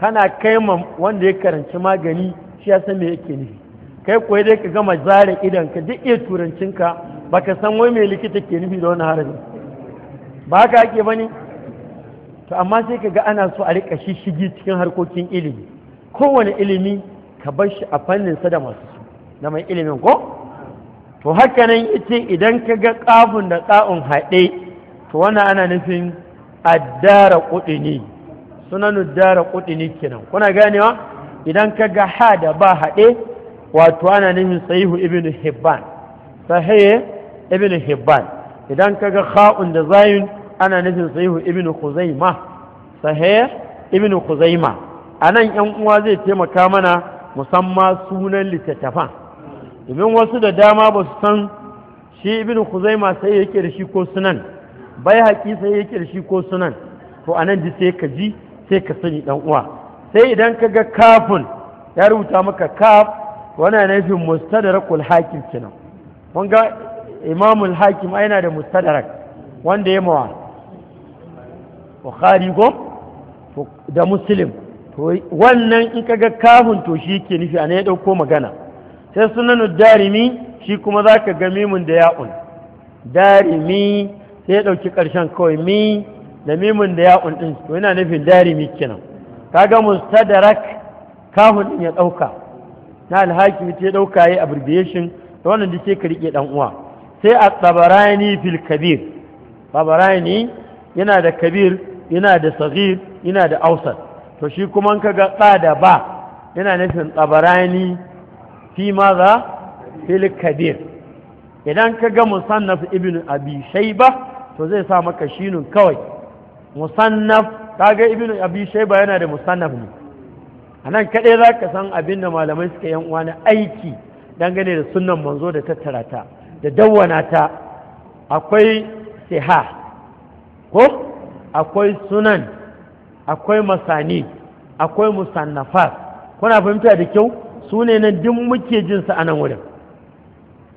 kana kai wanda ya karanci magani shi ya san me yake nufi kai kuwa dai ka gama zare idan ka duk iya turancinka ba ka san wai mai likita ke nufi da wani harafi ba haka ake ne? to amma sai ka ga ana so a rika shishigi cikin harkokin ilimi kowane ilimi ka bar shi a fannin sa da masu su da mai ilimin ko to haka nan ita idan ka ga kafin da ƙa'un haɗe to wannan ana nufin addara kuɗi ne sunan addara kuɗi ne kenan kuna ganewa idan ka ga ha da ba haɗe wato ana nufin sahihu ibn hibban sahihu ibn hibban idan kaga kha'un da zayin ana nufin sahihu ibn khuzaima sahihu ibn khuzaima anan yan uwa zai taimaka mana musamman sunan littattafan domin wasu da dama ba su san shi ibn khuzaima sai yake da shi ko sunan bai haƙi sai yake da shi ko sunan to anan ji sai ka ji sai ka sani dan uwa sai idan kaga kafun ya rubuta maka kaf Wana nufin mustadrakul hakim kenan kun ga imamul hakim yana da mustadrak wanda ya mawa bukhari ko da muslim to wannan in kaga kafin to shi yake nufi ana ya dauko magana sai sunan darimi shi kuma zaka ga mimun da ya'un darimi sai ya dauki karshen kawai mi da mimun da ya'un din to yana nufin darimi kenan kaga mustadrak kafin ya dauka na alhakim ta ɗauka yi abbreviation da wannan da ke ka riƙe ɗan uwa sai a tsabarani fil kabir tsabarani yana da kabir yana da sagir yana da ausat to shi kuma ka ga tsada ba yana nufin tsabarani fi za fil kabir idan ka ga musannaf ibn abi shaiba to zai sa maka shinun kawai musannaf kaga ibn abi shaiba yana da musannaf ne a nan kaɗai za ka san abin da malamai suka yan uwa na aiki dangane da sunan manzo da tattara ta da dawwana ta akwai siha ko akwai sunan akwai masani akwai musannafat kuna fahimta da kyau su ne nan duk muke jin su a nan wurin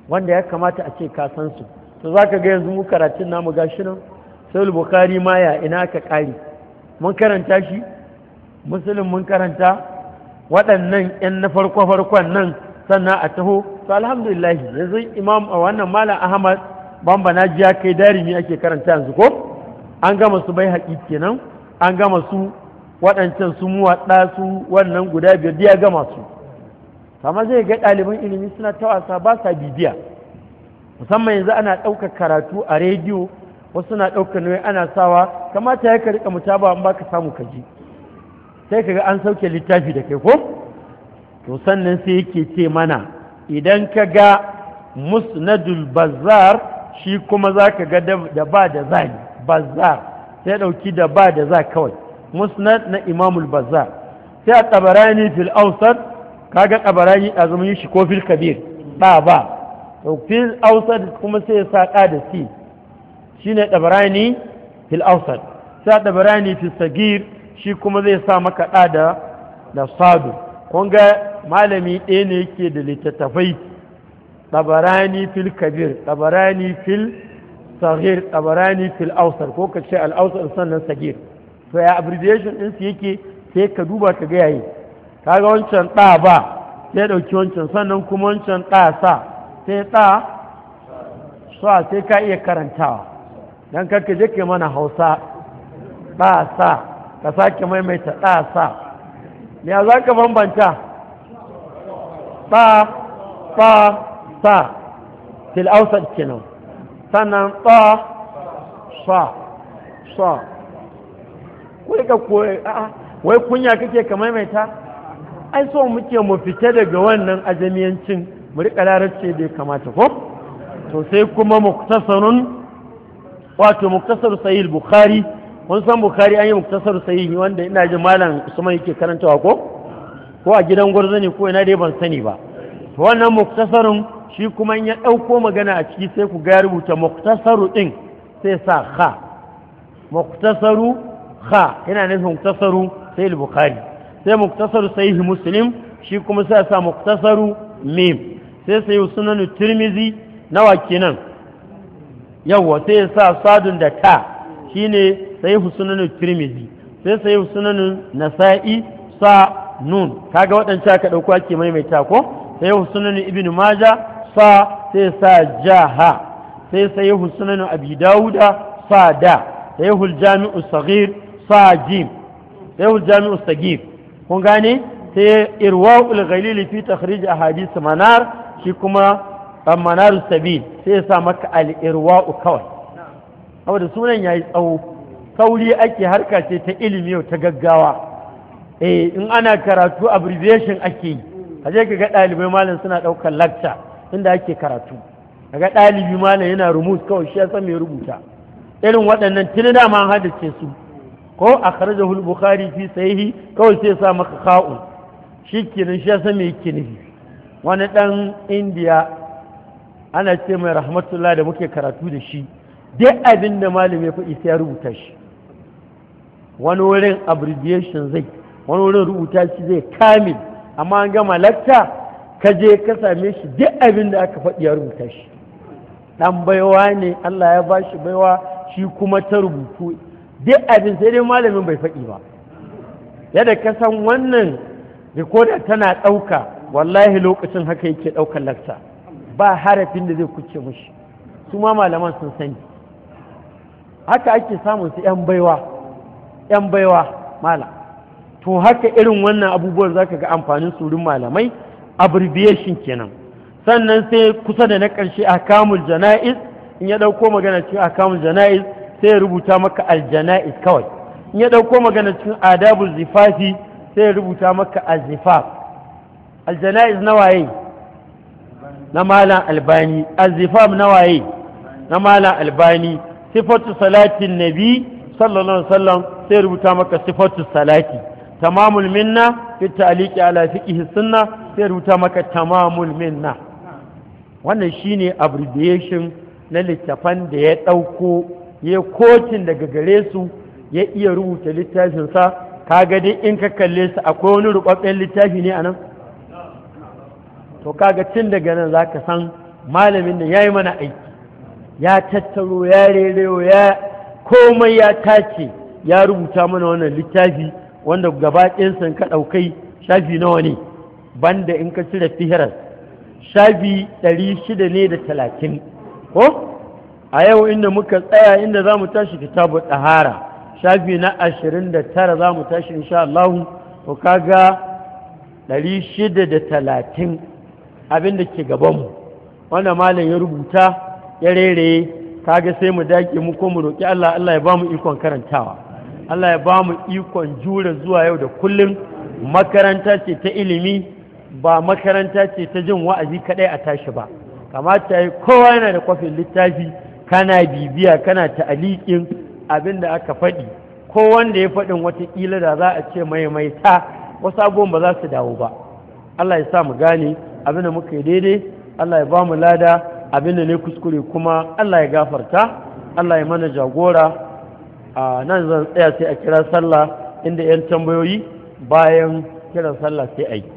wanda ya kamata a ce ka san su to za ka ga yanzu mu karatun namu gashi nan sai bukari ma ya ina ka ƙari mun karanta shi musulun mun karanta waɗannan 'yan na farko-farkon nan sannan a taho to alhamdulillah yanzu imam a wannan malam ahmad bamba na kai ya kai darimi ake karanta yanzu ko an gama su bai haƙi kenan an gama su waɗancan su mu waɗa su wannan guda biyar ya gama su amma zai ga ɗaliban ilimi suna ta wasa ba sa bibiya musamman yanzu ana ɗaukar karatu a rediyo wasu na ɗaukar nauyi ana sawa kamata ya ka rika mutaba ba ka samu kaji. ji sai kaga an sauke littafi da kai ko to sannan sai yake ce mana idan ka ga musnadul bazar shi kuma za ka ga da ba da za bazar sai ɗauki da ba da za kawai musnad na imamul bazar sai a tabarani fil ausar kaga tabarani a zama shi ko fil kabir ba ba to fil ausar kuma sai ya sa ka da si shine tabarani fil ausar sai a tabarani fil sagir shi kuma zai sa maka ɗa da da sadu kun malami ɗaya ne yake da littattafai tabarani fil kabir tabarani fil sahir tabarani fil ausar ko ka ce al'ausar sannan sagir to ya abbreviation ɗinsu yake sai ka duba ka ga yayi Ka ga wancan ɗa ba sai ɗauki wancan sannan kuma wancan ɗa sa sai ɗa sa sai ka iya karantawa Dan karka je ke mana hausa ɗa sa ka sake maimaita ɗa sa a za ka bambanta ɗa ɗa sa fil ausat kenan sannan ɗa sa sa wai ka koyi a'a wai kunya kake ka maimaita ai so muke mu fita daga wannan ajamiyancin mu riƙa larabci bai kamata ko to sai kuma muktasarun wato muktasar sahih bukhari kun san bukari an yi muktasar sahihi wanda ina ji malam usman yake karantawa ko ko a gidan gwarzo ne ko ina dai ban sani ba wannan muktasarun shi kuma in ya ɗauko magana a ciki sai ku ga rubuta muktasaru ɗin sai sa ha muktasaru ha yana nufin muktasaru sai bukari sai muktasaru sahihi muslim shi kuma sai sa muktasaru mim sai sai sunan tirmizi nawa kenan yawa sai sa sadun da ta shine sai sunanin tirmidhi sai sai sunanin nasa'i sa nun kaga waɗancan aka ɗauko ake maimaita ko sai sunanin ibnu maja sa sai sa jaha sai sai husunan abi dauda sa da sai hul jami'u saghir sa jim sai hul jami'u saghir kun gane sai irwaul ghalil fi takhrij ahadith manar shi kuma manar sabil sai ya sa maka al irwa'u kawai saboda sunan yayi tsawo sauri ake harka ce ta ilimi yau ta gaggawa eh in ana karatu abbreviation ake yi je ka ga ɗalibai malam suna ɗaukar lakta inda ake karatu ga ɗalibi malam yana rumus kawai shi ya san mai rubuta irin waɗannan tuni dama an haddace su ko a kharajahul bukhari fi sahihi kawai sai sa maka ka'u shi kenan shi ya san me yake nufi wani ɗan indiya ana ce mai rahmatullah da muke karatu da shi duk abin da malam ya faɗi sai ya rubuta shi wani wurin abbreviation zai wani wurin rubuta shi zai kamil amma an gama lakta ka je ka same shi duk abin da aka faɗi ya rubuta shi ɗan baiwa ne Allah ya ba shi baiwa shi kuma ta rubutu duk abin sai dai malamin bai faɗi ba yadda ka san wannan rikoda tana ɗauka wallahi lokacin haka yake ɗaukar lakta ba harafin da zai kuce mushi su ma malaman sun sani haka ake samun su 'yan baiwa 'yan baiwa mala. to haka irin wannan abubuwan za ka ga amfanin surun malamai abbreviation kenan sannan sai kusa da na ƙarshe a kamul jana'iz in ya ɗauko magana cikin a kamul jana'iz sai ya rubuta maka aljana'iz kawai in ya ɗauko magana cikin adabul zifafi sai ya rubuta maka aljifaf aljana'iz na waye na malam albani aljifaf na waye na malam albani sifatu salatin nabi sallallahu alaihi wasallam sai rubuta maka sifatu salati tamamul minna fi ta'liqi ala fiqh sunna sai rubuta maka tamamul minna wannan shine abbreviation na littafan da ya dauko ya kocin daga gare su ya iya rubuta littafin sa kaga dai in ka kalle su akwai wani rubabben littafi ne anan to kaga tun daga nan zaka san malamin da yayi mana aiki ya tattaro ya rerewa ya komai ya tace ya rubuta mana wannan littafi wanda gaba ɗinsa ka ɗaukai shafi nawa ne banda in ka cire fihirar shafi ɗari shida ne da talatin ko a yau inda muka tsaya inda za mu tashi kitabu ɗahara shafi na ashirin da tara za mu tashi insha Allahu to kaga ɗari shida da talatin abin da ke gabanmu wanda malam ya rubuta ya rere kaga sai mu dake mu ko mu roƙi Allah Allah ya ba mu ikon karantawa Allah ya ba mu ikon jure zuwa yau da kullum makaranta ce ta ilimi ba makaranta ce ta jin wa'azi kaɗai a tashi ba kamata yi kowa yana da kwafin littafi kana bibiya kana ta'aliƙin abin da aka faɗi ko wanda ya faɗin watakila da za a ce maimaita wasu abubuwan ba za su dawo ba Allah ya sa mu gane abin da muka yi daidai Allah ya ba mu lada abin da ne kuskure kuma Allah ya gafarta Allah ya mana jagora a nan zan tsaya sai a kira sallah inda 'yan tambayoyi bayan kiran sallah sai a yi